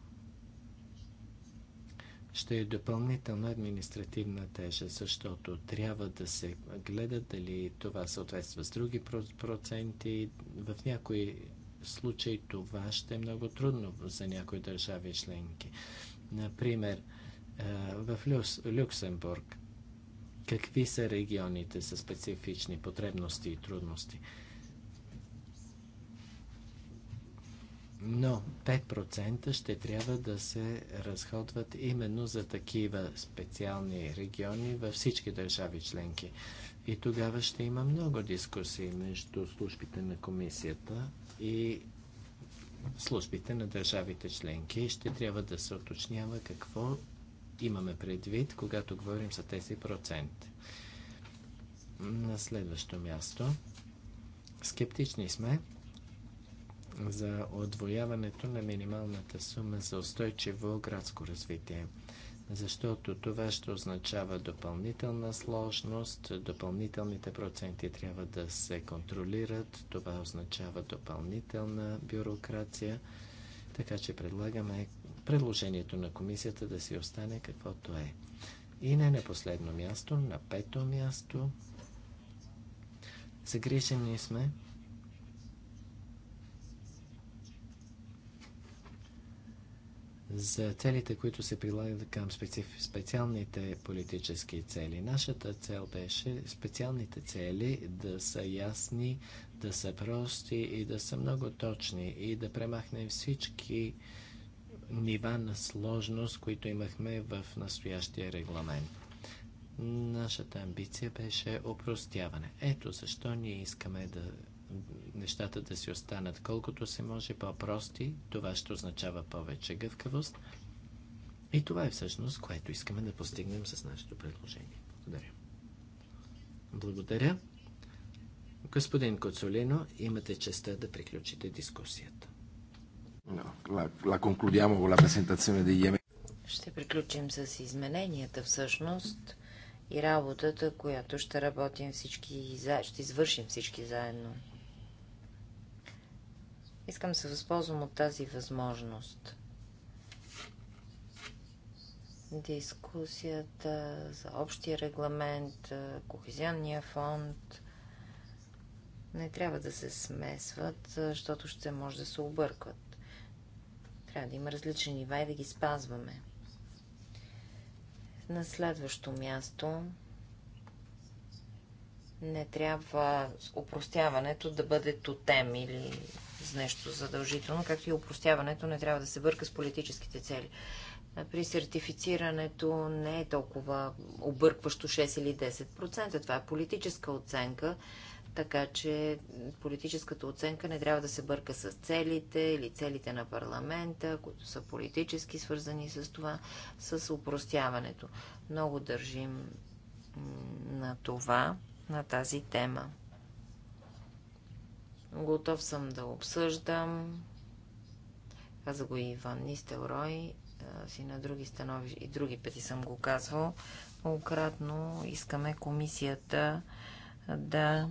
ще е допълнителна административна тежест, защото трябва да се гледа дали това съответства с други проценти. В някои случаи това ще е много трудно за някои държави членки. Например, в Люксембург Какви са регионите с специфични потребности и трудности? Но 5% ще трябва да се разходват именно за такива специални региони във всички държави членки. И тогава ще има много дискусии между службите на комисията и службите на държавите членки. Ще трябва да се уточнява какво имаме предвид, когато говорим за тези проценти. На следващо място, скептични сме за отвояването на минималната сума за устойчиво градско развитие, защото това ще означава допълнителна сложност, допълнителните проценти трябва да се контролират, това означава допълнителна бюрокрация, така че предлагаме предложението на комисията да си остане каквото е. И не на последно място, на пето място, загрижени сме за целите, които се прилагат към специалните политически цели. Нашата цел беше специалните цели да са ясни, да са прости и да са много точни и да премахнем всички нива на сложност, които имахме в настоящия регламент. Нашата амбиция беше опростяване. Ето защо ние искаме да нещата да си останат колкото се може по-прости. Това ще означава повече гъвкавост. И това е всъщност, което искаме да постигнем с нашето предложение. Благодаря. Благодаря. Господин Коцолино, имате честа да приключите дискусията. Ще приключим с измененията всъщност и работата, която ще работим всички, ще извършим всички заедно. Искам да се възползвам от тази възможност. Дискусията за общия регламент, кохезионния фонд не трябва да се смесват, защото ще може да се объркват. Трябва да има различни нива и да ги спазваме. На следващо място не трябва упростяването да бъде тотем или с нещо задължително, както и упростяването не трябва да се бърка с политическите цели. При сертифицирането не е толкова объркващо 6 или 10%. Това е политическа оценка така че политическата оценка не трябва да се бърка с целите или целите на парламента, които са политически свързани с това, с упростяването. Много държим на това, на тази тема. Готов съм да обсъждам. Каза го и Иван Нистелрой. Си на други станови и други пъти съм го казвал. Многократно искаме комисията да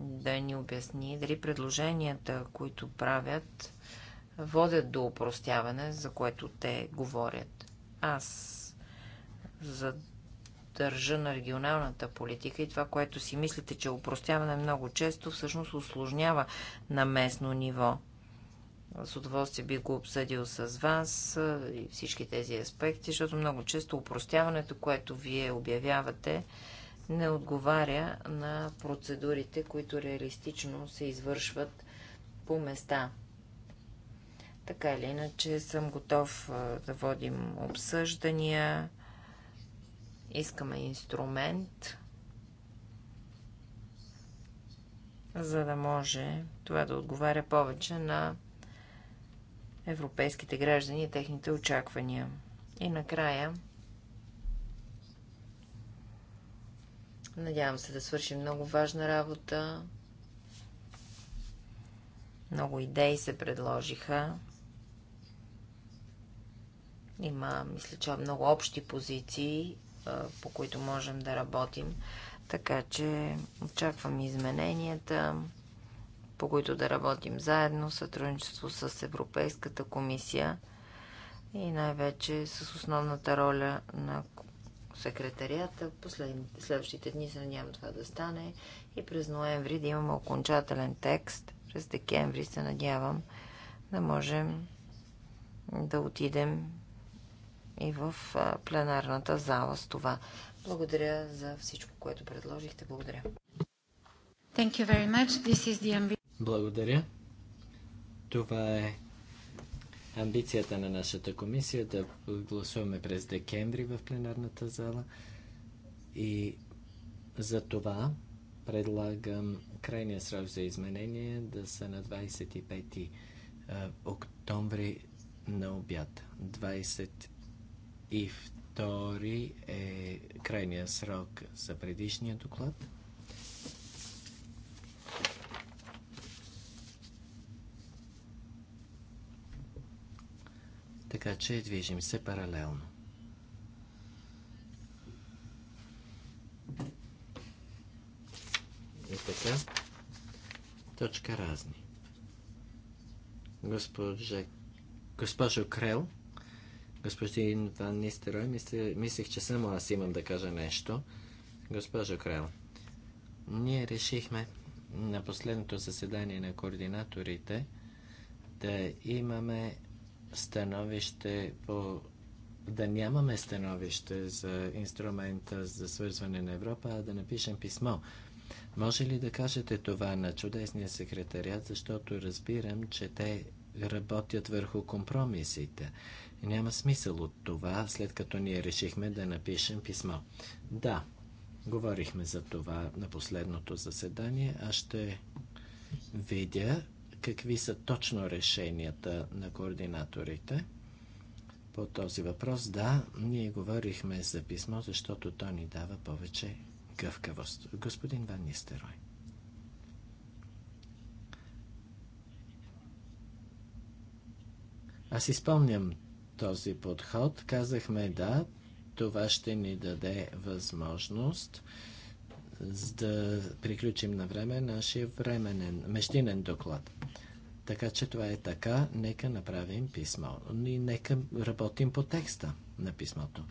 да ни обясни дали предложенията, които правят, водят до упростяване, за което те говорят. Аз за държа на регионалната политика и това, което си мислите, че упростяване много често, всъщност осложнява на местно ниво. С удоволствие би го обсъдил с вас и всички тези аспекти, защото много често упростяването, което вие обявявате, не отговаря на процедурите, които реалистично се извършват по места. Така или иначе съм готов да водим обсъждания. Искаме инструмент, за да може това да отговаря повече на европейските граждани и техните очаквания. И накрая Надявам се да свършим много важна работа. Много идеи се предложиха. Има, мисля, че много общи позиции, по които можем да работим. Така че очаквам измененията, по които да работим заедно, сътрудничество с Европейската комисия и най-вече с основната роля на секретарията. Послед... Следващите дни се надявам това да стане и през ноември да имаме окончателен текст. През декември се надявам да можем да отидем и в пленарната зала с това. Благодаря за всичко, което предложихте. Благодаря. Thank you very much. This is the... Благодаря. Това е амбицията на нашата комисия да гласуваме през декември в пленарната зала и за това предлагам крайния срок за изменение да са на 25 октомври на обяд. 22 е крайния срок за предишния доклад. Така че движим се паралелно. И така, точка разни. Госпожа, госпожо Крел, господин Ван Нистерой, мислех, че само аз имам да кажа нещо. Госпожо Крел, ние решихме на последното заседание на координаторите да имаме становище по да нямаме становище за инструмента за свързване на Европа, а да напишем писмо. Може ли да кажете това на чудесния секретарят, защото разбирам, че те работят върху компромисите. Няма смисъл от това, след като ние решихме да напишем писмо. Да, говорихме за това на последното заседание, а ще видя какви са точно решенията на координаторите по този въпрос. Да, ние говорихме за писмо, защото то ни дава повече гъвкавост. Господин Ван Нистерой. Аз изпомням този подход. Казахме да, това ще ни даде възможност за да приключим на време нашия временен, мещинен доклад. Така че това е така. Нека направим писмо. И нека работим по текста на писмото.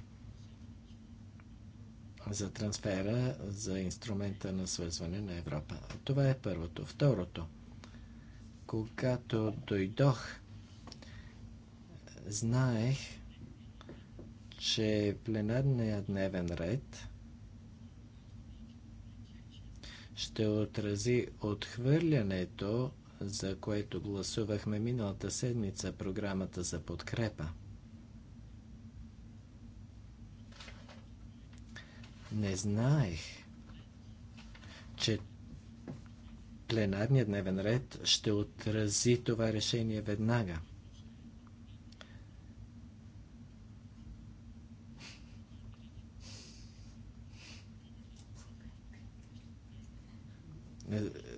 За трансфера, за инструмента на свързване на Европа. Това е първото. Второто. Когато дойдох, знаех, че пленарният дневен ред ще отрази отхвърлянето, за което гласувахме миналата седмица програмата за подкрепа. Не знаех, че пленарният дневен ред ще отрази това решение веднага.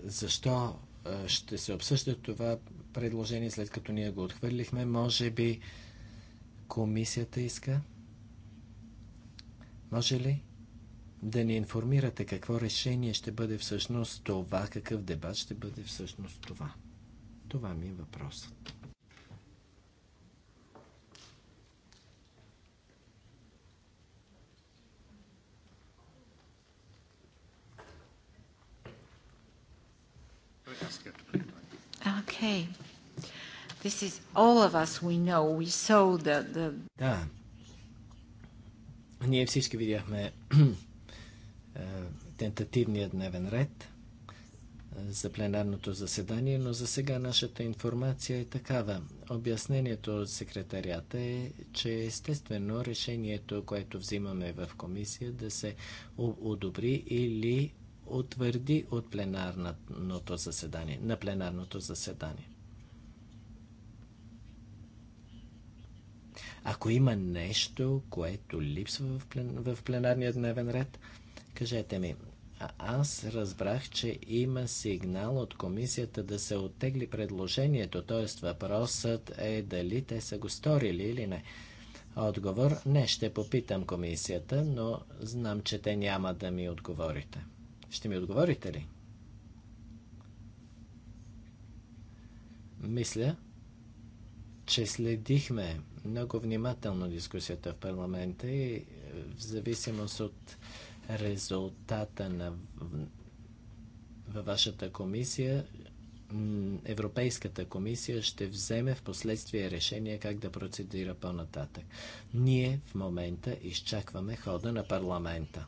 защо ще се обсъжда това предложение, след като ние го отхвърлихме. Може би комисията иска? Може ли да ни информирате какво решение ще бъде всъщност това, какъв дебат ще бъде всъщност това? Това ми е въпросът. Okay. This is all of us we know. We saw the, the... Да. Ние всички видяхме е, тентативния дневен ред е, за пленарното заседание, но за сега нашата информация е такава. Обяснението от секретарията е, че естествено решението, което взимаме в комисия да се одобри или утвърди от пленарното заседание, на пленарното заседание. Ако има нещо, което липсва в, плен, в пленарния дневен ред, кажете ми. А аз разбрах, че има сигнал от комисията да се оттегли предложението, т.е. въпросът е дали те са го сторили или не. Отговор не ще попитам комисията, но знам, че те няма да ми отговорите. Ще ми отговорите ли? Мисля, че следихме много внимателно дискусията в парламента и е, в зависимост от резултата на във вашата комисия, Европейската комисия ще вземе в последствие решение как да процедира по-нататък. Ние в момента изчакваме хода на парламента.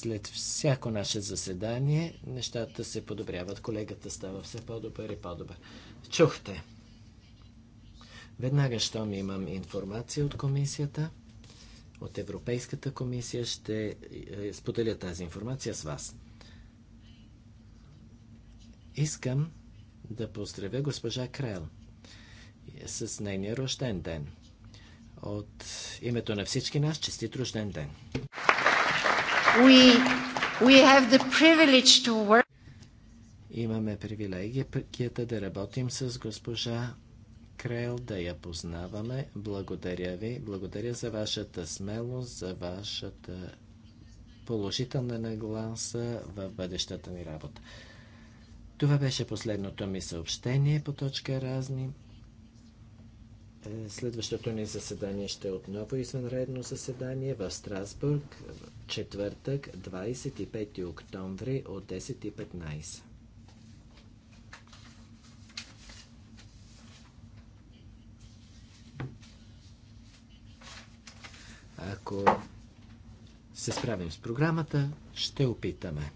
след всяко наше заседание нещата се подобряват. Колегата става все по-добър и по-добър. Чухте. Веднага, щом имам информация от комисията, от Европейската комисия, ще е, споделя тази информация с вас. Искам да поздравя госпожа Крел с нейния рожден ден. От името на всички нас, честит рожден ден! Имаме привилегията да работим с госпожа Крел, да я познаваме. Благодаря ви. Благодаря за вашата смелост, за вашата положителна нагласа в бъдещата ни работа. Това беше последното ми съобщение по точка разни. Е, следващото ни заседание ще е отново извънредно заседание в Страсбург четвъртък, 25 октомври от 10.15. Ако се справим с програмата, ще опитаме.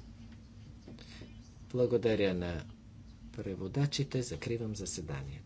Благодаря на преводачите. Закривам заседанието.